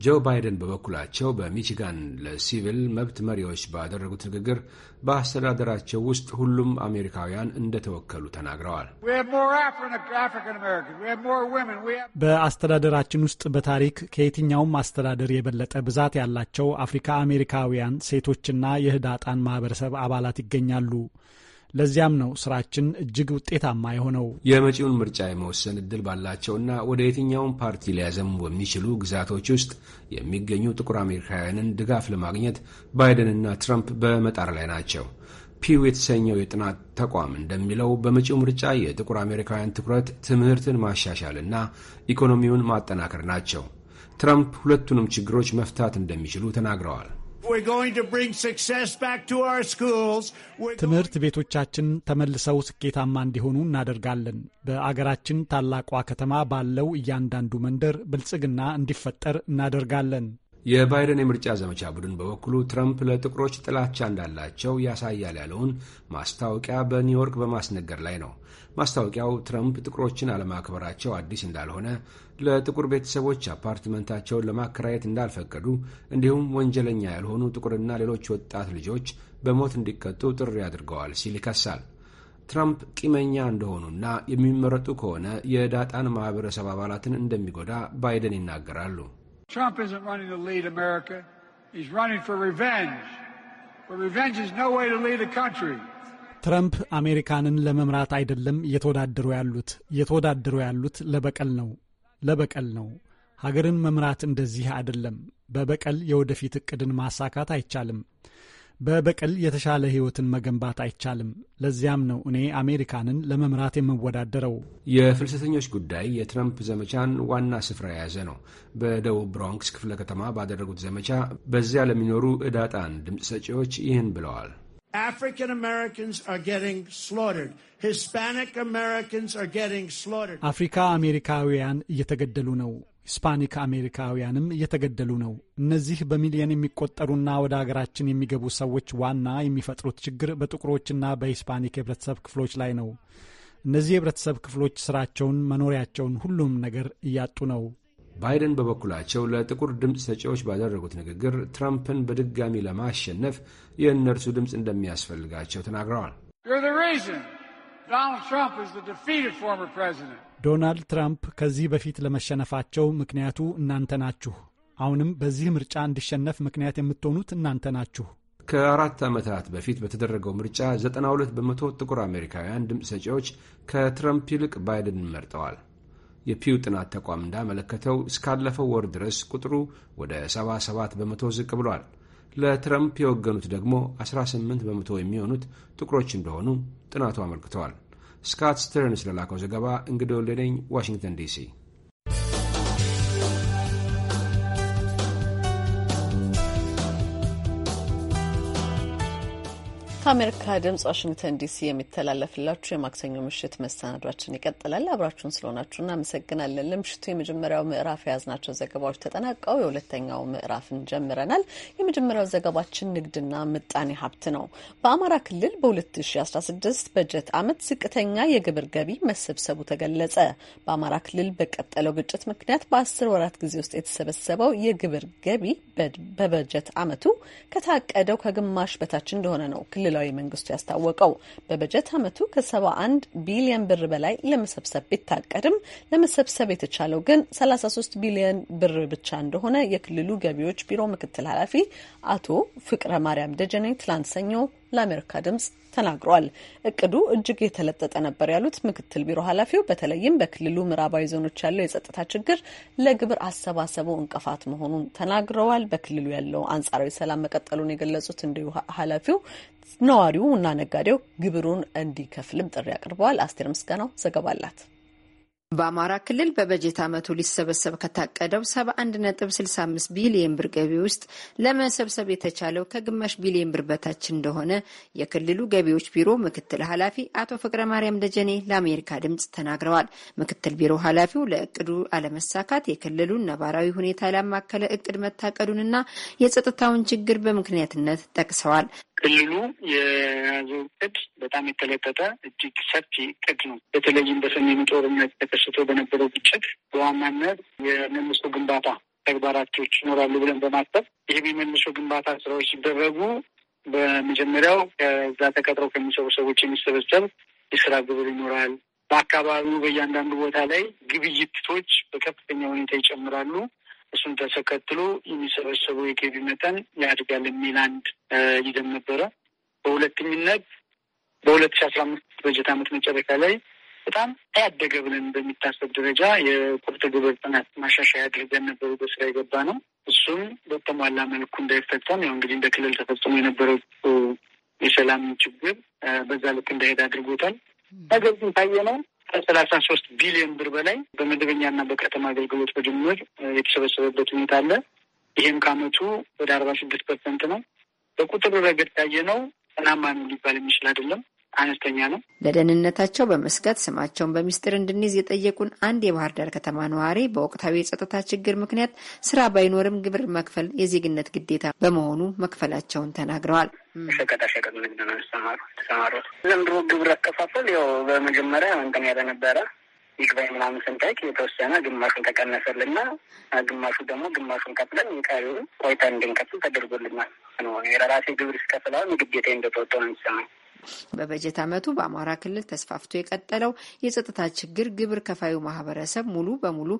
ጆ ባይደን በበኩላቸው በሚችጋን ለሲቪል መብት መሪዎች ባደረጉት ንግግር በአስተዳደራቸው ውስጥ ሁሉም አሜሪካውያን እንደተወከሉ ተናግረዋል። በአስተዳደራችን ውስጥ በታሪክ ከየትኛውም አስተዳደር የበለጠ ብዛት ያላቸው አፍሪካ አሜሪካውያን ሴቶችና የህዳጣን ማህበረሰብ አባላት ይገኛሉ። ለዚያም ነው ስራችን እጅግ ውጤታማ የሆነው። የመጪውን ምርጫ የመወሰን እድል ባላቸውና ወደ የትኛውን ፓርቲ ሊያዘሙ በሚችሉ ግዛቶች ውስጥ የሚገኙ ጥቁር አሜሪካውያንን ድጋፍ ለማግኘት ባይደንና ትራምፕ በመጣር ላይ ናቸው። ፒው የተሰኘው የጥናት ተቋም እንደሚለው በመጪው ምርጫ የጥቁር አሜሪካውያን ትኩረት ትምህርትን ማሻሻልና ኢኮኖሚውን ማጠናከር ናቸው። ትራምፕ ሁለቱንም ችግሮች መፍታት እንደሚችሉ ተናግረዋል። ትምህርት ቤቶቻችን ተመልሰው ስኬታማ እንዲሆኑ እናደርጋለን። በአገራችን ታላቋ ከተማ ባለው እያንዳንዱ መንደር ብልጽግና እንዲፈጠር እናደርጋለን። የባይደን የምርጫ ዘመቻ ቡድን በበኩሉ ትራምፕ ለጥቁሮች ጥላቻ እንዳላቸው ያሳያል ያለውን ማስታወቂያ በኒውዮርክ በማስነገር ላይ ነው። ማስታወቂያው ትረምፕ ጥቁሮችን አለማክበራቸው አዲስ እንዳልሆነ፣ ለጥቁር ቤተሰቦች አፓርትመንታቸውን ለማከራየት እንዳልፈቀዱ፣ እንዲሁም ወንጀለኛ ያልሆኑ ጥቁርና ሌሎች ወጣት ልጆች በሞት እንዲቀጡ ጥሪ አድርገዋል ሲል ይከሳል። ትራምፕ ቂመኛ እንደሆኑና የሚመረጡ ከሆነ የዳጣን ማህበረሰብ አባላትን እንደሚጎዳ ባይደን ይናገራሉ። ትራምፕ ትረምፕ አሜሪካንን ለመምራት አይደለም እየተወዳደሩ ያሉት፣ እየተወዳደሩ ያሉት ለበቀል ነው፣ ለበቀል ነው። ሀገርን መምራት እንደዚህ አይደለም። በበቀል የወደፊት እቅድን ማሳካት አይቻልም። በበቀል የተሻለ ህይወትን መገንባት አይቻልም። ለዚያም ነው እኔ አሜሪካንን ለመምራት የምወዳደረው። የፍልሰተኞች ጉዳይ የትረምፕ ዘመቻን ዋና ስፍራ የያዘ ነው። በደቡብ ብሮንክስ ክፍለ ከተማ ባደረጉት ዘመቻ በዚያ ለሚኖሩ እዳጣን ድምፅ ሰጪዎች ይህን ብለዋል። አፍሪካ አሜሪካውያን እየተገደሉ ነው። ሂስፓኒክ አሜሪካውያንም እየተገደሉ ነው። እነዚህ በሚሊዮን የሚቆጠሩና ወደ አገራችን የሚገቡ ሰዎች ዋና የሚፈጥሩት ችግር በጥቁሮችና በሂስፓኒክ የህብረተሰብ ክፍሎች ላይ ነው። እነዚህ የህብረተሰብ ክፍሎች ስራቸውን፣ መኖሪያቸውን፣ ሁሉም ነገር እያጡ ነው። ባይደን በበኩላቸው ለጥቁር ድምፅ ሰጪዎች ባደረጉት ንግግር ትራምፕን በድጋሚ ለማሸነፍ የእነርሱ ድምፅ እንደሚያስፈልጋቸው ተናግረዋል። ዶናልድ ትራምፕ ከዚህ በፊት ለመሸነፋቸው ምክንያቱ እናንተ ናችሁ። አሁንም በዚህ ምርጫ እንዲሸነፍ ምክንያት የምትሆኑት እናንተ ናችሁ። ከአራት ዓመታት በፊት በተደረገው ምርጫ 92 በመቶ ጥቁር አሜሪካውያን ድምፅ ሰጪዎች ከትረምፕ ይልቅ ባይደንን መርጠዋል። የፒው ጥናት ተቋም እንዳመለከተው እስካለፈው ወር ድረስ ቁጥሩ ወደ 77 በመቶ ዝቅ ብሏል። ለትረምፕ የወገኑት ደግሞ 18 በመቶ የሚሆኑት ጥቁሮች እንደሆኑ ጥናቱ አመልክተዋል። ስካት ስተርንስ ለላከው ዘገባ እንግዲህ ወልደነኝ ዋሽንግተን ዲሲ ከአሜሪካ ድምጽ ዋሽንግተን ዲሲ የሚተላለፍላችሁ የማክሰኞ ምሽት መሰናዷችን ይቀጥላል። አብራችሁን ስለሆናችሁ እናመሰግናለን። ለምሽቱ የመጀመሪያው ምዕራፍ የያዝናቸው ዘገባዎች ተጠናቀው የሁለተኛው ምዕራፍን ጀምረናል። የመጀመሪያው ዘገባችን ንግድና ምጣኔ ሀብት ነው። በአማራ ክልል በ2016 በጀት ዓመት ዝቅተኛ የግብር ገቢ መሰብሰቡ ተገለጸ። በአማራ ክልል በቀጠለው ግጭት ምክንያት በአስር ወራት ጊዜ ውስጥ የተሰበሰበው የግብር ገቢ በበጀት ዓመቱ ከታቀደው ከግማሽ በታች እንደሆነ ነው ክልል ማዕከላዊ መንግስቱ ያስታወቀው። በበጀት ዓመቱ ከ71 ቢሊዮን ብር በላይ ለመሰብሰብ ቢታቀድም ለመሰብሰብ የተቻለው ግን 33 ቢሊዮን ብር ብቻ እንደሆነ የክልሉ ገቢዎች ቢሮ ምክትል ኃላፊ አቶ ፍቅረ ማርያም ደጀኔ ትላንት ሰኞ ለአሜሪካ ድምጽ ተናግሯል። እቅዱ እጅግ የተለጠጠ ነበር ያሉት ምክትል ቢሮ ኃላፊው በተለይም በክልሉ ምዕራባዊ ዞኖች ያለው የጸጥታ ችግር ለግብር አሰባሰቡ እንቅፋት መሆኑን ተናግረዋል። በክልሉ ያለው አንጻራዊ ሰላም መቀጠሉን የገለጹት እንዲሁ ኃላፊው እና ነጋዴው ግብሩን እንዲከፍልም ጥሪ አቅርበዋል። አስቴር ምስጋናው ዘገባ አላት። በአማራ ክልል በበጀት ዓመቱ ሊሰበሰብ ከታቀደው 71.65 ቢሊየን ብር ገቢ ውስጥ ለመሰብሰብ የተቻለው ከግማሽ ቢሊየን ብር በታች እንደሆነ የክልሉ ገቢዎች ቢሮ ምክትል ኃላፊ አቶ ፍቅረ ማርያም ደጀኔ ለአሜሪካ ድምፅ ተናግረዋል። ምክትል ቢሮ ኃላፊው ለእቅዱ አለመሳካት የክልሉን ነባራዊ ሁኔታ ላማከለ እቅድ መታቀዱንና የጸጥታውን ችግር በምክንያትነት ጠቅሰዋል። ክልሉ የያዘው እቅድ በጣም የተለጠጠ እጅግ ሰፊ እቅድ ነው። በተለይም በሰሜኑ ጦርነት ተከስቶ በነበረው ግጭት በዋናነት የመልሶ ግንባታ ተግባራቶች ይኖራሉ ብለን በማሰብ ይህም የመልሶ ግንባታ ስራዎች ሲደረጉ በመጀመሪያው ከዛ ተቀጥረው ከሚሰሩ ሰዎች የሚሰበሰብ የስራ ግብር ይኖራል። በአካባቢው በእያንዳንዱ ቦታ ላይ ግብይቶች በከፍተኛ ሁኔታ ይጨምራሉ። እሱን ተከትሎ የሚሰበሰቡ የገቢ መጠን ያድጋል የሚል አንድ ይዘን ነበረ። በሁለተኝነት በሁለት ሺ አስራ አምስት በጀት አመት መጨረሻ ላይ በጣም ያደገ ብለን በሚታሰብ ደረጃ የቁርጥ ግብር ጥናት ማሻሻያ አድርገን ነበሩ በስራ የገባ ነው። እሱም በተሟላ መልኩ እንዳይፈጸም ያው እንግዲህ እንደ ክልል ተፈጽሞ የነበረው የሰላም ችግር በዛ ልክ እንዳይሄድ አድርጎታል። ነገር ግን ታየ ነው ከሰላሳ ሶስት ቢሊዮን ብር በላይ በመደበኛና በከተማ አገልግሎት በድምር የተሰበሰበበት ሁኔታ አለ። ይህም ከአመቱ ወደ አርባ ስድስት ፐርሰንት ነው። በቁጥር ረገድ ታየ ነው ጤናማ ነው ሊባል የሚችል አይደለም። አነስተኛ ነው። ለደህንነታቸው በመስጋት ስማቸውን በሚስጥር እንድንይዝ የጠየቁን አንድ የባህር ዳር ከተማ ነዋሪ በወቅታዊ የጸጥታ ችግር ምክንያት ስራ ባይኖርም ግብር መክፈል የዜግነት ግዴታ በመሆኑ መክፈላቸውን ተናግረዋል። ሸቀጣሸቀጥ ንግድ ነው ተሰማሩት። ዘንድሮ ግብር አከፋፈል ያው በመጀመሪያ እንትን ያለ ነበረ ይግባኝ ምናምን ስንጠይቅ የተወሰነ ግማሹን ተቀነሰልና ግማሹ ደግሞ ግማሹን ከፍለን የቀሪውን ቆይተን እንድንከፍል ተደርጎልናል። የራሴ ግብር ስከፍላውን ግዴታ እንደተወጣ ነው የሚሰማኝ በበጀት ዓመቱ በአማራ ክልል ተስፋፍቶ የቀጠለው የጸጥታ ችግር ግብር ከፋዩ ማህበረሰብ ሙሉ በሙሉ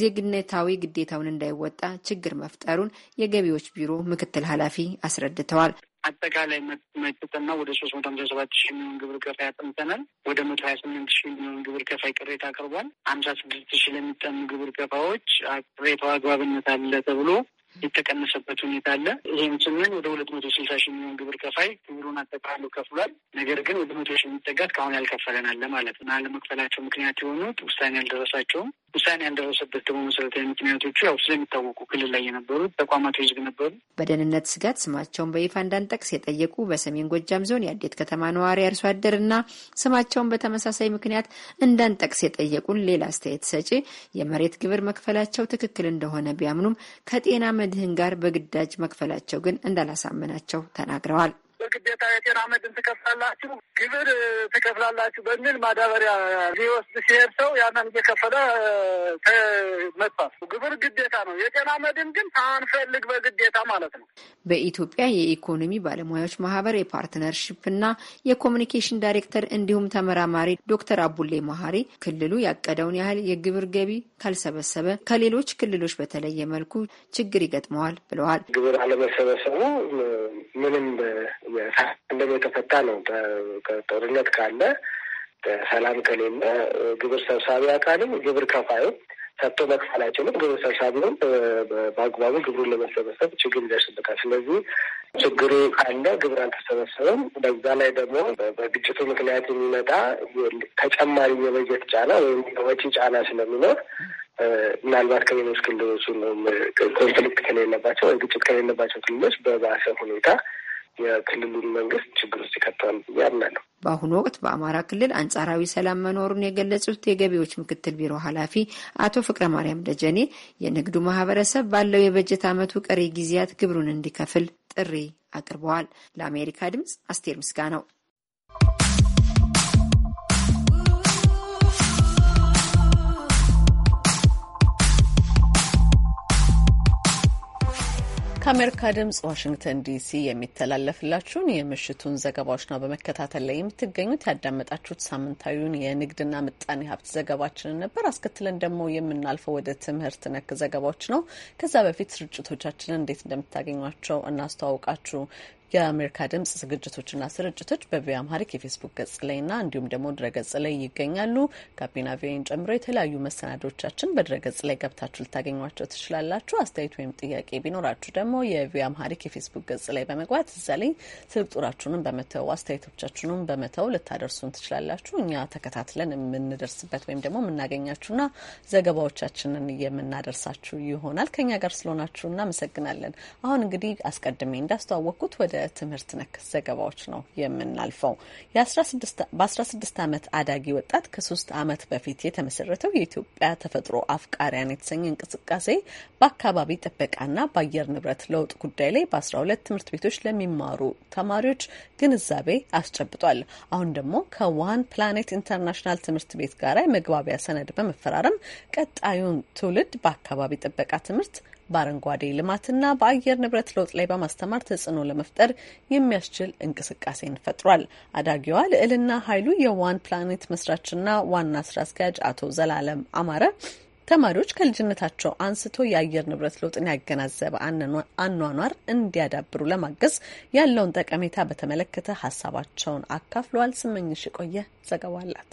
ዜግነታዊ ግዴታውን እንዳይወጣ ችግር መፍጠሩን የገቢዎች ቢሮ ምክትል ኃላፊ አስረድተዋል። አጠቃላይ መጭጥና ወደ ሶስት መቶ ሀምሳ ሰባት ሺህ የሚሆን ግብር ከፋይ አጥንተናል። ወደ መቶ ሀያ ስምንት ሺህ የሚሆን ግብር ከፋይ ቅሬታ አቅርቧል። ሀምሳ ስድስት ሺህ ለሚጠኑ ግብር ከፋዮች ቅሬታው አግባብነት አለ ተብሎ የተቀነሰበት ሁኔታ አለ። ይህም ስንል ወደ ሁለት መቶ ስልሳ ሺህ የሚሆን ግብር ከፋይ ግብሩን አጠቃሉ ከፍሏል። ነገር ግን ወደ መቶ ሺህ የሚጠጋት ከአሁን ያልከፈለን አለ ማለት ነው። አለመክፈላቸው ምክንያት የሆኑት ውሳኔ ያልደረሳቸውም ውሳኔ ያልደረሰበት ደግሞ መሰረታዊ ምክንያቶቹ ያው ስለሚታወቁ ክልል ላይ የነበሩ ተቋማት ህዝብ ነበሩ። በደህንነት ስጋት ስማቸውን በይፋ እንዳንጠቅስ የጠየቁ በሰሜን ጎጃም ዞን የአዴት ከተማ ነዋሪ አርሶ አደር እና ስማቸውን በተመሳሳይ ምክንያት እንዳንጠቅስ የጠየቁን ሌላ አስተያየት ሰጪ የመሬት ግብር መክፈላቸው ትክክል እንደሆነ ቢያምኑም ከጤና ከመድህን ጋር በግዳጅ መክፈላቸው ግን እንዳላሳመናቸው ተናግረዋል። በግዴታ የጤና መድን ትከፍላላችሁ፣ ግብር ትከፍላላችሁ በሚል ማዳበሪያ ሊወስድ ሲሄድ ሰው ያንን እየከፈለ መጥቷል። ግብር ግዴታ ነው። የጤና መድን ግን ሳንፈልግ በግዴታ ማለት ነው። በኢትዮጵያ የኢኮኖሚ ባለሙያዎች ማህበር የፓርትነርሽፕ እና የኮሚኒኬሽን ዳይሬክተር እንዲሁም ተመራማሪ ዶክተር አቡሌ መሀሪ ክልሉ ያቀደውን ያህል የግብር ገቢ ካልሰበሰበ ከሌሎች ክልሎች በተለየ መልኩ ችግር ይገጥመዋል ብለዋል። ግብር አለመሰበሰቡ ምንም ሳንደም የተፈታ ነው። ጦርነት ካለ ሰላም ከሌለ ግብር ሰብሳቢ አካልም ግብር ከፋይ ሰጥቶ መክፈል አይችልም። ግብር ሰብሳቢውም በአግባቡ ግብሩን ለመሰበሰብ ችግር ይደርስበታል። ስለዚህ ችግሩ ካለ ግብር አልተሰበሰበም። በዛ ላይ ደግሞ በግጭቱ ምክንያት የሚመጣ ተጨማሪ የበጀት ጫና ወይም የወጪ ጫና ስለሚኖር ምናልባት ከሌሎች ክልሎች ኮንፍሊክት ከሌለባቸው ወይ ግጭት ከሌለባቸው ክልሎች በባሰ ሁኔታ የክልሉን መንግስት ችግር ውስጥ ይከታል ያምናለሁ። በአሁኑ ወቅት በአማራ ክልል አንጻራዊ ሰላም መኖሩን የገለጹት የገቢዎች ምክትል ቢሮ ኃላፊ አቶ ፍቅረ ማርያም ደጀኔ የንግዱ ማህበረሰብ ባለው የበጀት ዓመቱ ቀሪ ጊዜያት ግብሩን እንዲከፍል ጥሪ አቅርበዋል። ለአሜሪካ ድምጽ አስቴር ምስጋ ነው። ከአሜሪካ ድምጽ ዋሽንግተን ዲሲ የሚተላለፍላችሁን የምሽቱን ዘገባዎች ነው በመከታተል ላይ የምትገኙት ያዳመጣችሁት ሳምንታዊውን የንግድና ምጣኔ ሀብት ዘገባችንን ነበር። አስከትለን ደግሞ የምናልፈው ወደ ትምህርት ነክ ዘገባዎች ነው። ከዛ በፊት ስርጭቶቻችንን እንዴት እንደምታገኟቸው እናስተዋውቃችሁ። የአሜሪካ ድምጽ ዝግጅቶችና ስርጭቶች በቪ አምሃሪክ የፌስቡክ ገጽ ላይና እንዲሁም ደግሞ ድረገጽ ላይ ይገኛሉ። ጋቢና ቪን ጨምሮ የተለያዩ መሰናዶቻችን በድረገጽ ላይ ገብታችሁ ልታገኟቸው ትችላላችሁ። አስተያየት ወይም ጥያቄ ቢኖራችሁ ደግሞ የቪ አምሃሪክ የፌስቡክ ገጽ ላይ በመግባት እዛ ላይ ስልክ ጡራችሁንም በመተው አስተያየቶቻችሁንም በመተው ልታደርሱን ትችላላችሁ። እኛ ተከታትለን የምንደርስበት ወይም ደግሞ የምናገኛችሁና ዘገባዎቻችንን የምናደርሳችሁ ይሆናል። ከኛ ጋር ስለሆናችሁ እናመሰግናለን። አሁን እንግዲህ አስቀድሜ እንዳስተዋወቅኩት ወደ ወደ ትምህርት ነክ ዘገባዎች ነው የምናልፈው። በ16 ዓመት አዳጊ ወጣት ከሶስት ዓመት በፊት የተመሰረተው የኢትዮጵያ ተፈጥሮ አፍቃሪያን የተሰኘ እንቅስቃሴ በአካባቢ ጥበቃና በአየር ንብረት ለውጥ ጉዳይ ላይ በ12 ትምህርት ቤቶች ለሚማሩ ተማሪዎች ግንዛቤ አስጨብጧል። አሁን ደግሞ ከዋን ፕላኔት ኢንተርናሽናል ትምህርት ቤት ጋር የመግባቢያ ሰነድ በመፈራረም ቀጣዩን ትውልድ በአካባቢ ጥበቃ ትምህርት በአረንጓዴ ልማትና በአየር ንብረት ለውጥ ላይ በማስተማር ተጽዕኖ ለመፍጠር የሚያስችል እንቅስቃሴን ፈጥሯል። አዳጊዋ ልዕልና ኃይሉ የዋን ፕላኔት መስራችና ዋና ስራ አስኪያጅ አቶ ዘላለም አማረ ተማሪዎች ከልጅነታቸው አንስቶ የአየር ንብረት ለውጥን ያገናዘበ አኗኗር እንዲያዳብሩ ለማገዝ ያለውን ጠቀሜታ በተመለከተ ሀሳባቸውን አካፍለዋል። ስመኝሽ የቆየ ዘገባ አላት።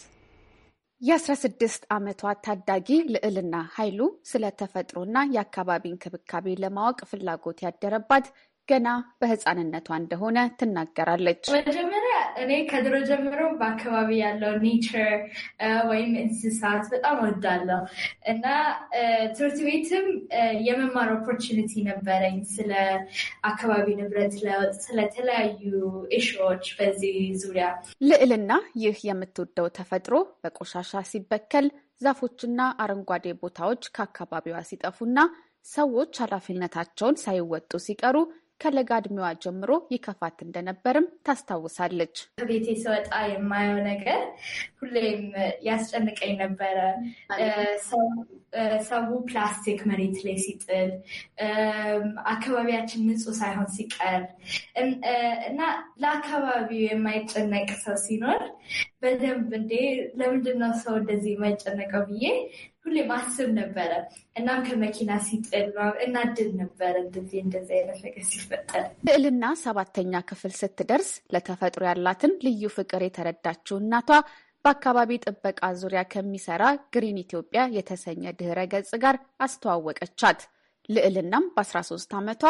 የ16 ዓመቷ ታዳጊ ልዕልና ኃይሉ ስለ ተፈጥሮና የአካባቢ እንክብካቤ ለማወቅ ፍላጎት ያደረባት ገና በህፃንነቷ እንደሆነ ትናገራለች። መጀመሪያ እኔ ከድሮ ጀምሮ በአካባቢ ያለው ኔቸር ወይም እንስሳት በጣም ወዳለው እና ትምህርት ቤትም የመማር ኦፖርቹኒቲ ነበረኝ ስለ አካባቢ ንብረት ለውጥ፣ ስለተለያዩ ኢሹዎች በዚህ ዙሪያ። ልዕልና ይህ የምትወደው ተፈጥሮ በቆሻሻ ሲበከል ዛፎችና አረንጓዴ ቦታዎች ከአካባቢዋ ሲጠፉና ሰዎች ኃላፊነታቸውን ሳይወጡ ሲቀሩ ከለጋ እድሜዋ ጀምሮ ይከፋት እንደነበርም ታስታውሳለች። ከቤቴ ስወጣ የማየው ነገር ሁሌም ያስጨንቀኝ ነበረ። ሰው ፕላስቲክ መሬት ላይ ሲጥል፣ አካባቢያችን ንጹህ ሳይሆን ሲቀር እና ለአካባቢው የማይጨነቅ ሰው ሲኖር በደንብ እንዴ ለምንድነው ሰው እንደዚህ የማይጨነቀው ብዬ ሁሌ ማስብ ነበረ። እናም ከመኪና ሲጥል እናድል ነበረ እንደዚህ እንደዚህ አይነት ነገር ሲፈጠር። ልዕልና ሰባተኛ ክፍል ስትደርስ ለተፈጥሮ ያላትን ልዩ ፍቅር የተረዳችው እናቷ በአካባቢ ጥበቃ ዙሪያ ከሚሰራ ግሪን ኢትዮጵያ የተሰኘ ድህረ ገጽ ጋር አስተዋወቀቻት። ልዕልናም በ13 ዓመቷ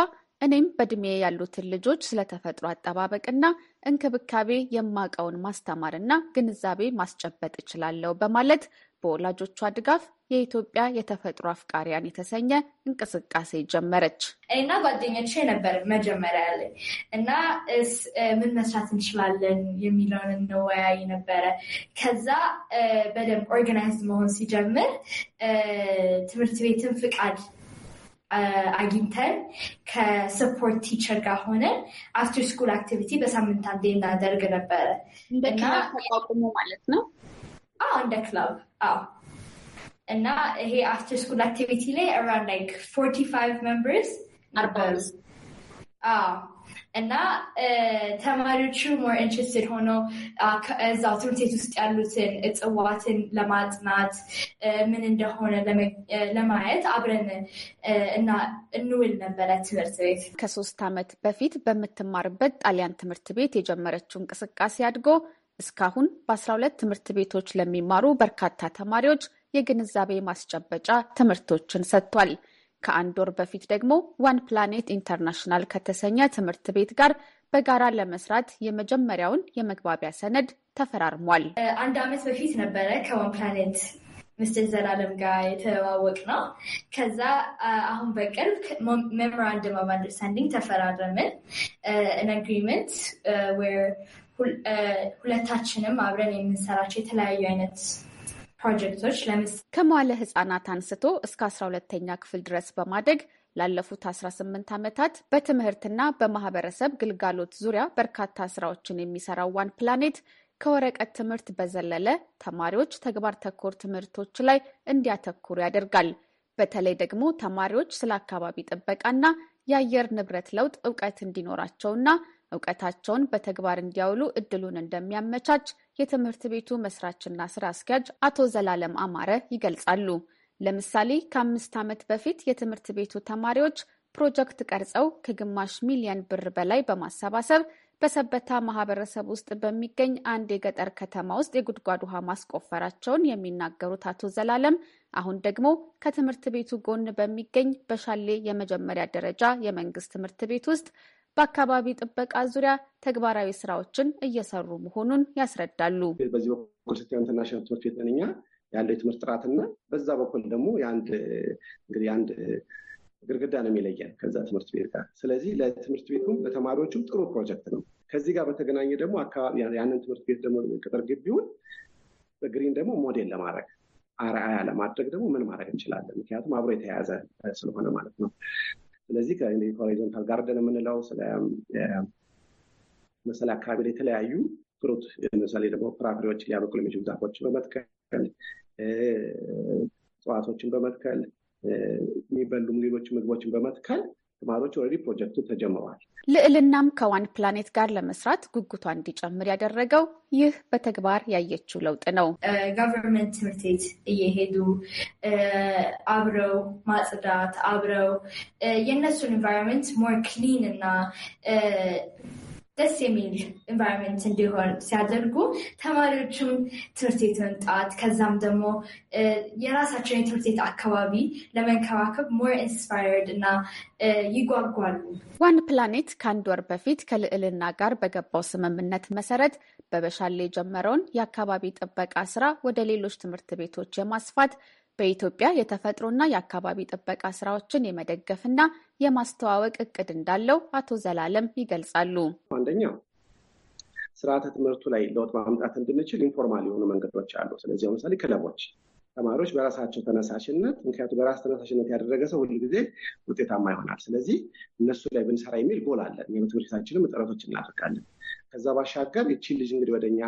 እኔም በእድሜ ያሉትን ልጆች ስለተፈጥሮ አጠባበቅና እንክብካቤ የማቀውን ማስተማርና ግንዛቤ ማስጨበጥ እችላለሁ በማለት በወላጆቿ ድጋፍ የኢትዮጵያ የተፈጥሮ አፍቃሪያን የተሰኘ እንቅስቃሴ ጀመረች። እኔና ጓደኞቼ ነበር መጀመሪያ ላይ እና ምን መስራት እንችላለን የሚለውን እንወያይ ነበረ። ከዛ በደንብ ኦርጋናይዝ መሆን ሲጀምር ትምህርት ቤትን ፍቃድ አግኝተን ከስፖርት ቲቸር ጋር ሆነን አፍተር ስኩል አክቲቪቲ በሳምንት አንዴ እናደርግ ነበረ። እንደገና ተቋቁሞ ማለት ነው አዎ እንደ ክለብ አዎ። እና ይሄ አፍተር ስኩል አክቲቪቲ ላይ አራውንድ ላይክ ፎርቲ ፋይቭ ሜምበርስ እና ተማሪዎቹ ሞር ኢንትረስትድ ሆነው እዛው ትምህርት ቤት ውስጥ ያሉትን እጽዋትን ለማጥናት ምን እንደሆነ ለማየት አብረን እና እንውል ነበረ ትምህርት ቤት። ከሶስት ዓመት በፊት በምትማርበት ጣሊያን ትምህርት ቤት የጀመረችው እንቅስቃሴ አድጎ እስካሁን በ12 ትምህርት ቤቶች ለሚማሩ በርካታ ተማሪዎች የግንዛቤ ማስጨበጫ ትምህርቶችን ሰጥቷል። ከአንድ ወር በፊት ደግሞ ዋን ፕላኔት ኢንተርናሽናል ከተሰኘ ትምህርት ቤት ጋር በጋራ ለመስራት የመጀመሪያውን የመግባቢያ ሰነድ ተፈራርሟል። አንድ ዓመት በፊት ነበረ ከዋን ፕላኔት ምስል ዘላለም ጋር የተዋወቅ ነው። ከዛ አሁን በቅርብ ሜሞራንድም ኦፍ አንደርስታንዲንግ ተፈራረምን አግሪመንት ሁለታችንም አብረን የምንሰራቸው የተለያዩ አይነት ፕሮጀክቶች ከመዋለ ህጻናት አንስቶ እስከ አስራ ሁለተኛ ክፍል ድረስ በማደግ ላለፉት 18 ዓመታት በትምህርትና በማህበረሰብ ግልጋሎት ዙሪያ በርካታ ስራዎችን የሚሰራው ዋን ፕላኔት ከወረቀት ትምህርት በዘለለ ተማሪዎች ተግባር ተኮር ትምህርቶች ላይ እንዲያተኩሩ ያደርጋል። በተለይ ደግሞ ተማሪዎች ስለ አካባቢ ጥበቃና የአየር ንብረት ለውጥ እውቀት እንዲኖራቸውና እውቀታቸውን በተግባር እንዲያውሉ እድሉን እንደሚያመቻች የትምህርት ቤቱ መስራችና ስራ አስኪያጅ አቶ ዘላለም አማረ ይገልጻሉ። ለምሳሌ ከአምስት ዓመት በፊት የትምህርት ቤቱ ተማሪዎች ፕሮጀክት ቀርጸው ከግማሽ ሚሊየን ብር በላይ በማሰባሰብ በሰበታ ማህበረሰብ ውስጥ በሚገኝ አንድ የገጠር ከተማ ውስጥ የጉድጓድ ውሃ ማስቆፈራቸውን የሚናገሩት አቶ ዘላለም አሁን ደግሞ ከትምህርት ቤቱ ጎን በሚገኝ በሻሌ የመጀመሪያ ደረጃ የመንግስት ትምህርት ቤት ውስጥ በአካባቢ ጥበቃ ዙሪያ ተግባራዊ ስራዎችን እየሰሩ መሆኑን ያስረዳሉ። በዚህ በኩል ስቲ ኢንተርናሽናል ትምህርት ቤት ነኛ ያለው የትምህርት ጥራትና በዛ በኩል ደግሞ የአንድ እንግዲህ የአንድ ግድግዳ ነው የሚለየን ከዛ ትምህርት ቤት ጋር። ስለዚህ ለትምህርት ቤቱም ለተማሪዎቹም ጥሩ ፕሮጀክት ነው። ከዚህ ጋር በተገናኘ ደግሞ አካባቢ ያንን ትምህርት ቤት ደግሞ ቅጥር ግቢውን በግሪን ደግሞ ሞዴል ለማድረግ አርአያ ለማድረግ ደግሞ ምን ማድረግ እንችላለን? ምክንያቱም አብሮ የተያያዘ ስለሆነ ማለት ነው። ስለዚህ ሆሪዞንታል ጋርደን የምንለው መሰለ አካባቢ ላይ የተለያዩ ፍሩት ለምሳሌ ደግሞ ፍራፍሬዎች ሊያበቅሉ የሚችሉ ዛፎችን በመትከል እጽዋቶችን በመትከል የሚበሉም ሌሎች ምግቦችን በመትከል ተማሪዎች ኦልሬዲ ፕሮጀክቱ ተጀምረዋል። ልዕልናም ከዋን ፕላኔት ጋር ለመስራት ጉጉቷ እንዲጨምር ያደረገው ይህ በተግባር ያየችው ለውጥ ነው። ጋቨርንመንት ትምህርት ቤት እየሄዱ አብረው ማጽዳት፣ አብረው የእነሱን ኢንቫይሮንመንት ሞር ክሊን እና ደስ የሚል ኢንቫይሮንመንት እንዲሆን ሲያደርጉ ተማሪዎቹም ትምህርት ቤት መምጣት ከዛም ደግሞ የራሳቸውን የትምህርት ቤት አካባቢ ለመንከባከብ ሞር ኢንስፓየርድ እና ይጓጓሉ። ዋን ፕላኔት ከአንድ ወር በፊት ከልዕልና ጋር በገባው ስምምነት መሰረት በበሻሌ የጀመረውን የአካባቢ ጥበቃ ስራ ወደ ሌሎች ትምህርት ቤቶች የማስፋት በኢትዮጵያ የተፈጥሮና የአካባቢ ጥበቃ ስራዎችን የመደገፍና የማስተዋወቅ እቅድ እንዳለው አቶ ዘላለም ይገልጻሉ። አንደኛው ስርዓተ ትምህርቱ ላይ ለውጥ ማምጣት እንድንችል ኢንፎርማል የሆኑ መንገዶች አሉ። ስለዚህ ለምሳሌ ክለቦች፣ ተማሪዎች በራሳቸው ተነሳሽነት ምክንያቱም በራስ ተነሳሽነት ያደረገ ሰው ሁሉ ጊዜ ውጤታማ ይሆናል። ስለዚህ እነሱ ላይ ብንሰራ የሚል ጎል አለን። የትምህርት ቤታችንም ጥረቶች እናደርጋለን። ከዛ ባሻገር ይቺን ልጅ እንግዲህ ወደኛ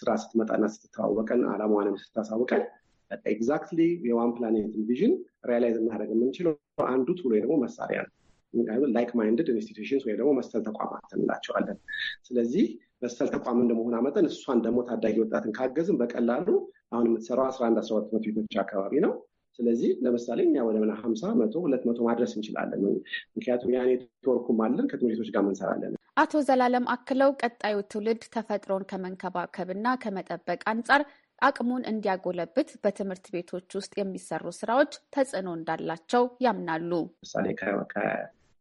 ስራ ስትመጣና ስትተዋወቀን አላማዋንም ስታሳውቀን ኤግዛክትሊ የዋን ፕላኔት ቪዥን ሪያላይዝ እናደርግ የምንችለው አንዱ ቱሎ ደግሞ መሳሪያ ነው። ላይክ ማይንድድ ኢንስቲቱሽንስ ወይ ደግሞ መሰል ተቋማት እንላቸዋለን። ስለዚህ መሰል ተቋም እንደመሆን መጠን እሷን ደግሞ ታዳጊ ወጣትን ካገዝን በቀላሉ አሁን የምትሰራው አስራ አንድ አስራ ሁለት መቶ ቤቶች አካባቢ ነው። ስለዚህ ለምሳሌ እኛ ወደ ምና ሀምሳ መቶ ሁለት መቶ ማድረስ እንችላለን። ምክንያቱም ያ ኔትወርኩም አለን ከትምህርት ቤቶች ጋር እንሰራለን። አቶ ዘላለም አክለው ቀጣዩ ትውልድ ተፈጥሮን ከመንከባከብና ከመጠበቅ አንጻር አቅሙን እንዲያጎለብት በትምህርት ቤቶች ውስጥ የሚሰሩ ስራዎች ተጽዕኖ እንዳላቸው ያምናሉ። ምሳሌ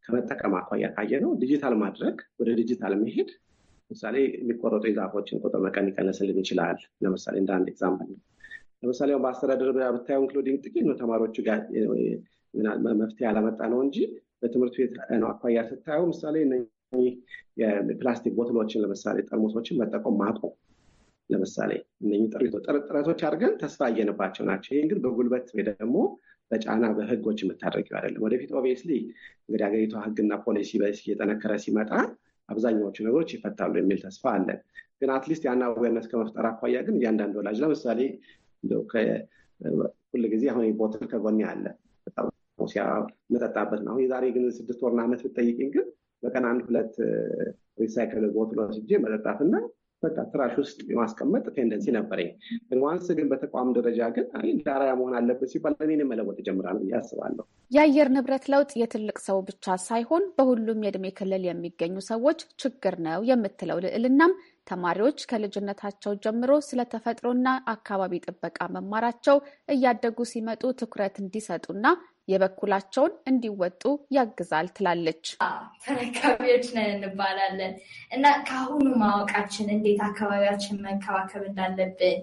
ከመጠቀም አኳያ ካየ ነው ዲጂታል ማድረግ ወደ ዲጂታል መሄድ ለምሳሌ የሚቆረጡ የዛፎችን ቁጥር መቀን ሊቀንስልን ይችላል። ለምሳሌ እንደ አንድ ኤግዛምፕል ለምሳሌ በአስተዳደር ብታዩ ኢንክሉዲንግ ጥቂት ነው ተማሪዎቹ ጋር መፍትሄ ያላመጣ ነው እንጂ በትምህርት ቤት ነው አኳያ ስታየው ምሳሌ የፕላስቲክ ቦትሎችን ለምሳሌ ጠርሙሶችን መጠቆም ማቆም ለምሳሌ እነህ ጥረቶች አድርገን ተስፋ አየንባቸው ናቸው። ይህን ግን በጉልበት ወይ ደግሞ በጫና በህጎች የምታደርጊው አይደለም። ወደፊት ኦብቪየስሊ እንግዲህ ሀገሪቷ ህግና ፖሊሲ እየጠነከረ ሲመጣ አብዛኛዎቹ ነገሮች ይፈታሉ የሚል ተስፋ አለን። ግን አትሊስት ያን አዌርነስ ከመፍጠር አኳያ ግን እያንዳንድ ወላጅ ለምሳሌ ሁል ጊዜ አሁን ቦትል ከጎኔ አለ መጠጣበት ነው። አሁን የዛሬ ግን ስድስት ወርና ዓመት ብጠይቅኝ ግን በቀን አንድ ሁለት ሪሳይክል ቦትሎች እጄ መጠጣትና በቃ ትራሽ ውስጥ የማስቀመጥ ቴንደንሲ ነበረኝ። ዋንስ ግን በተቋም ደረጃ ግን ዳራያ መሆን አለበት ሲባል እኔን መለወጥ ጀምራል ብዬ አስባለሁ። የአየር ንብረት ለውጥ የትልቅ ሰው ብቻ ሳይሆን በሁሉም የእድሜ ክልል የሚገኙ ሰዎች ችግር ነው የምትለው ልዕልናም ተማሪዎች ከልጅነታቸው ጀምሮ ስለ ተፈጥሮና አካባቢ ጥበቃ መማራቸው እያደጉ ሲመጡ ትኩረት እንዲሰጡና የበኩላቸውን እንዲወጡ ያግዛል ትላለች። ተረካቢዎች ነን እንባላለን እና ከአሁኑ ማወቃችን እንዴት አካባቢያችን መንከባከብ እንዳለብን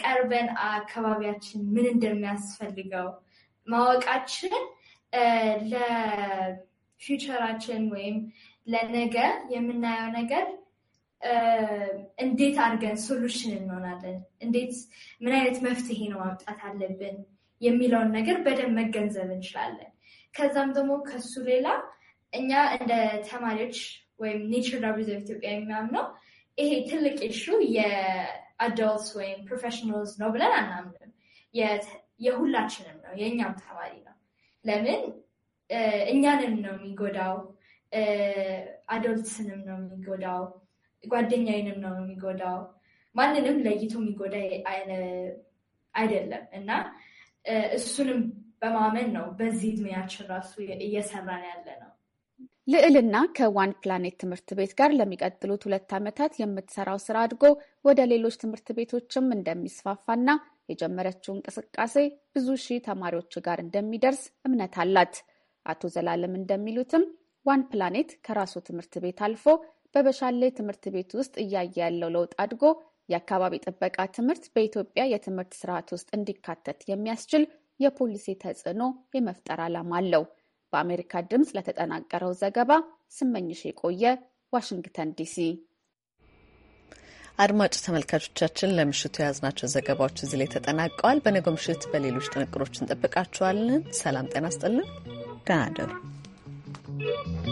ቀርበን አካባቢያችን ምን እንደሚያስፈልገው ማወቃችን ለፊውቸራችን ወይም ለነገ የምናየው ነገር እንዴት አድርገን ሶሉሽን እንሆናለን፣ እንዴት ምን አይነት መፍትሄ ነው ማምጣት አለብን የሚለውን ነገር በደንብ መገንዘብ እንችላለን። ከዛም ደግሞ ከሱ ሌላ እኛ እንደ ተማሪዎች ወይም ኔቸር ዳብዘብ ኢትዮጵያ የሚያምነው ይሄ ትልቅ ኢሹ የአዶልትስ ወይም ፕሮፌሽናልስ ነው ብለን አናምንም። የሁላችንም ነው፣ የእኛም ተማሪ ነው። ለምን እኛንም ነው የሚጎዳው፣ አዶልትስንም ነው የሚጎዳው፣ ጓደኛዬንም ነው የሚጎዳው። ማንንም ለይቶ የሚጎዳ አይደለም እና እሱንም በማመን ነው በዚህ እድሜያችን ራሱ እየሰራን ያለ ነው። ልዕልና ከዋን ፕላኔት ትምህርት ቤት ጋር ለሚቀጥሉት ሁለት ዓመታት የምትሰራው ስራ አድጎ ወደ ሌሎች ትምህርት ቤቶችም እንደሚስፋፋና የጀመረችው እንቅስቃሴ ብዙ ሺህ ተማሪዎች ጋር እንደሚደርስ እምነት አላት። አቶ ዘላለም እንደሚሉትም ዋን ፕላኔት ከራሱ ትምህርት ቤት አልፎ በበሻሌ ትምህርት ቤት ውስጥ እያየ ያለው ለውጥ አድጎ የአካባቢ ጥበቃ ትምህርት በኢትዮጵያ የትምህርት ስርዓት ውስጥ እንዲካተት የሚያስችል የፖሊሲ ተጽዕኖ የመፍጠር ዓላማ አለው። በአሜሪካ ድምፅ ለተጠናቀረው ዘገባ ስመኝሽ የቆየ ዋሽንግተን ዲሲ። አድማጭ ተመልካቾቻችን ለምሽቱ የያዝናቸው ዘገባዎች እዚህ ላይ ተጠናቀዋል። በነገው ምሽት በሌሎች ጥንቅሮች እንጠብቃችኋለን። ሰላም ጤና ስጥልን። ደህና you.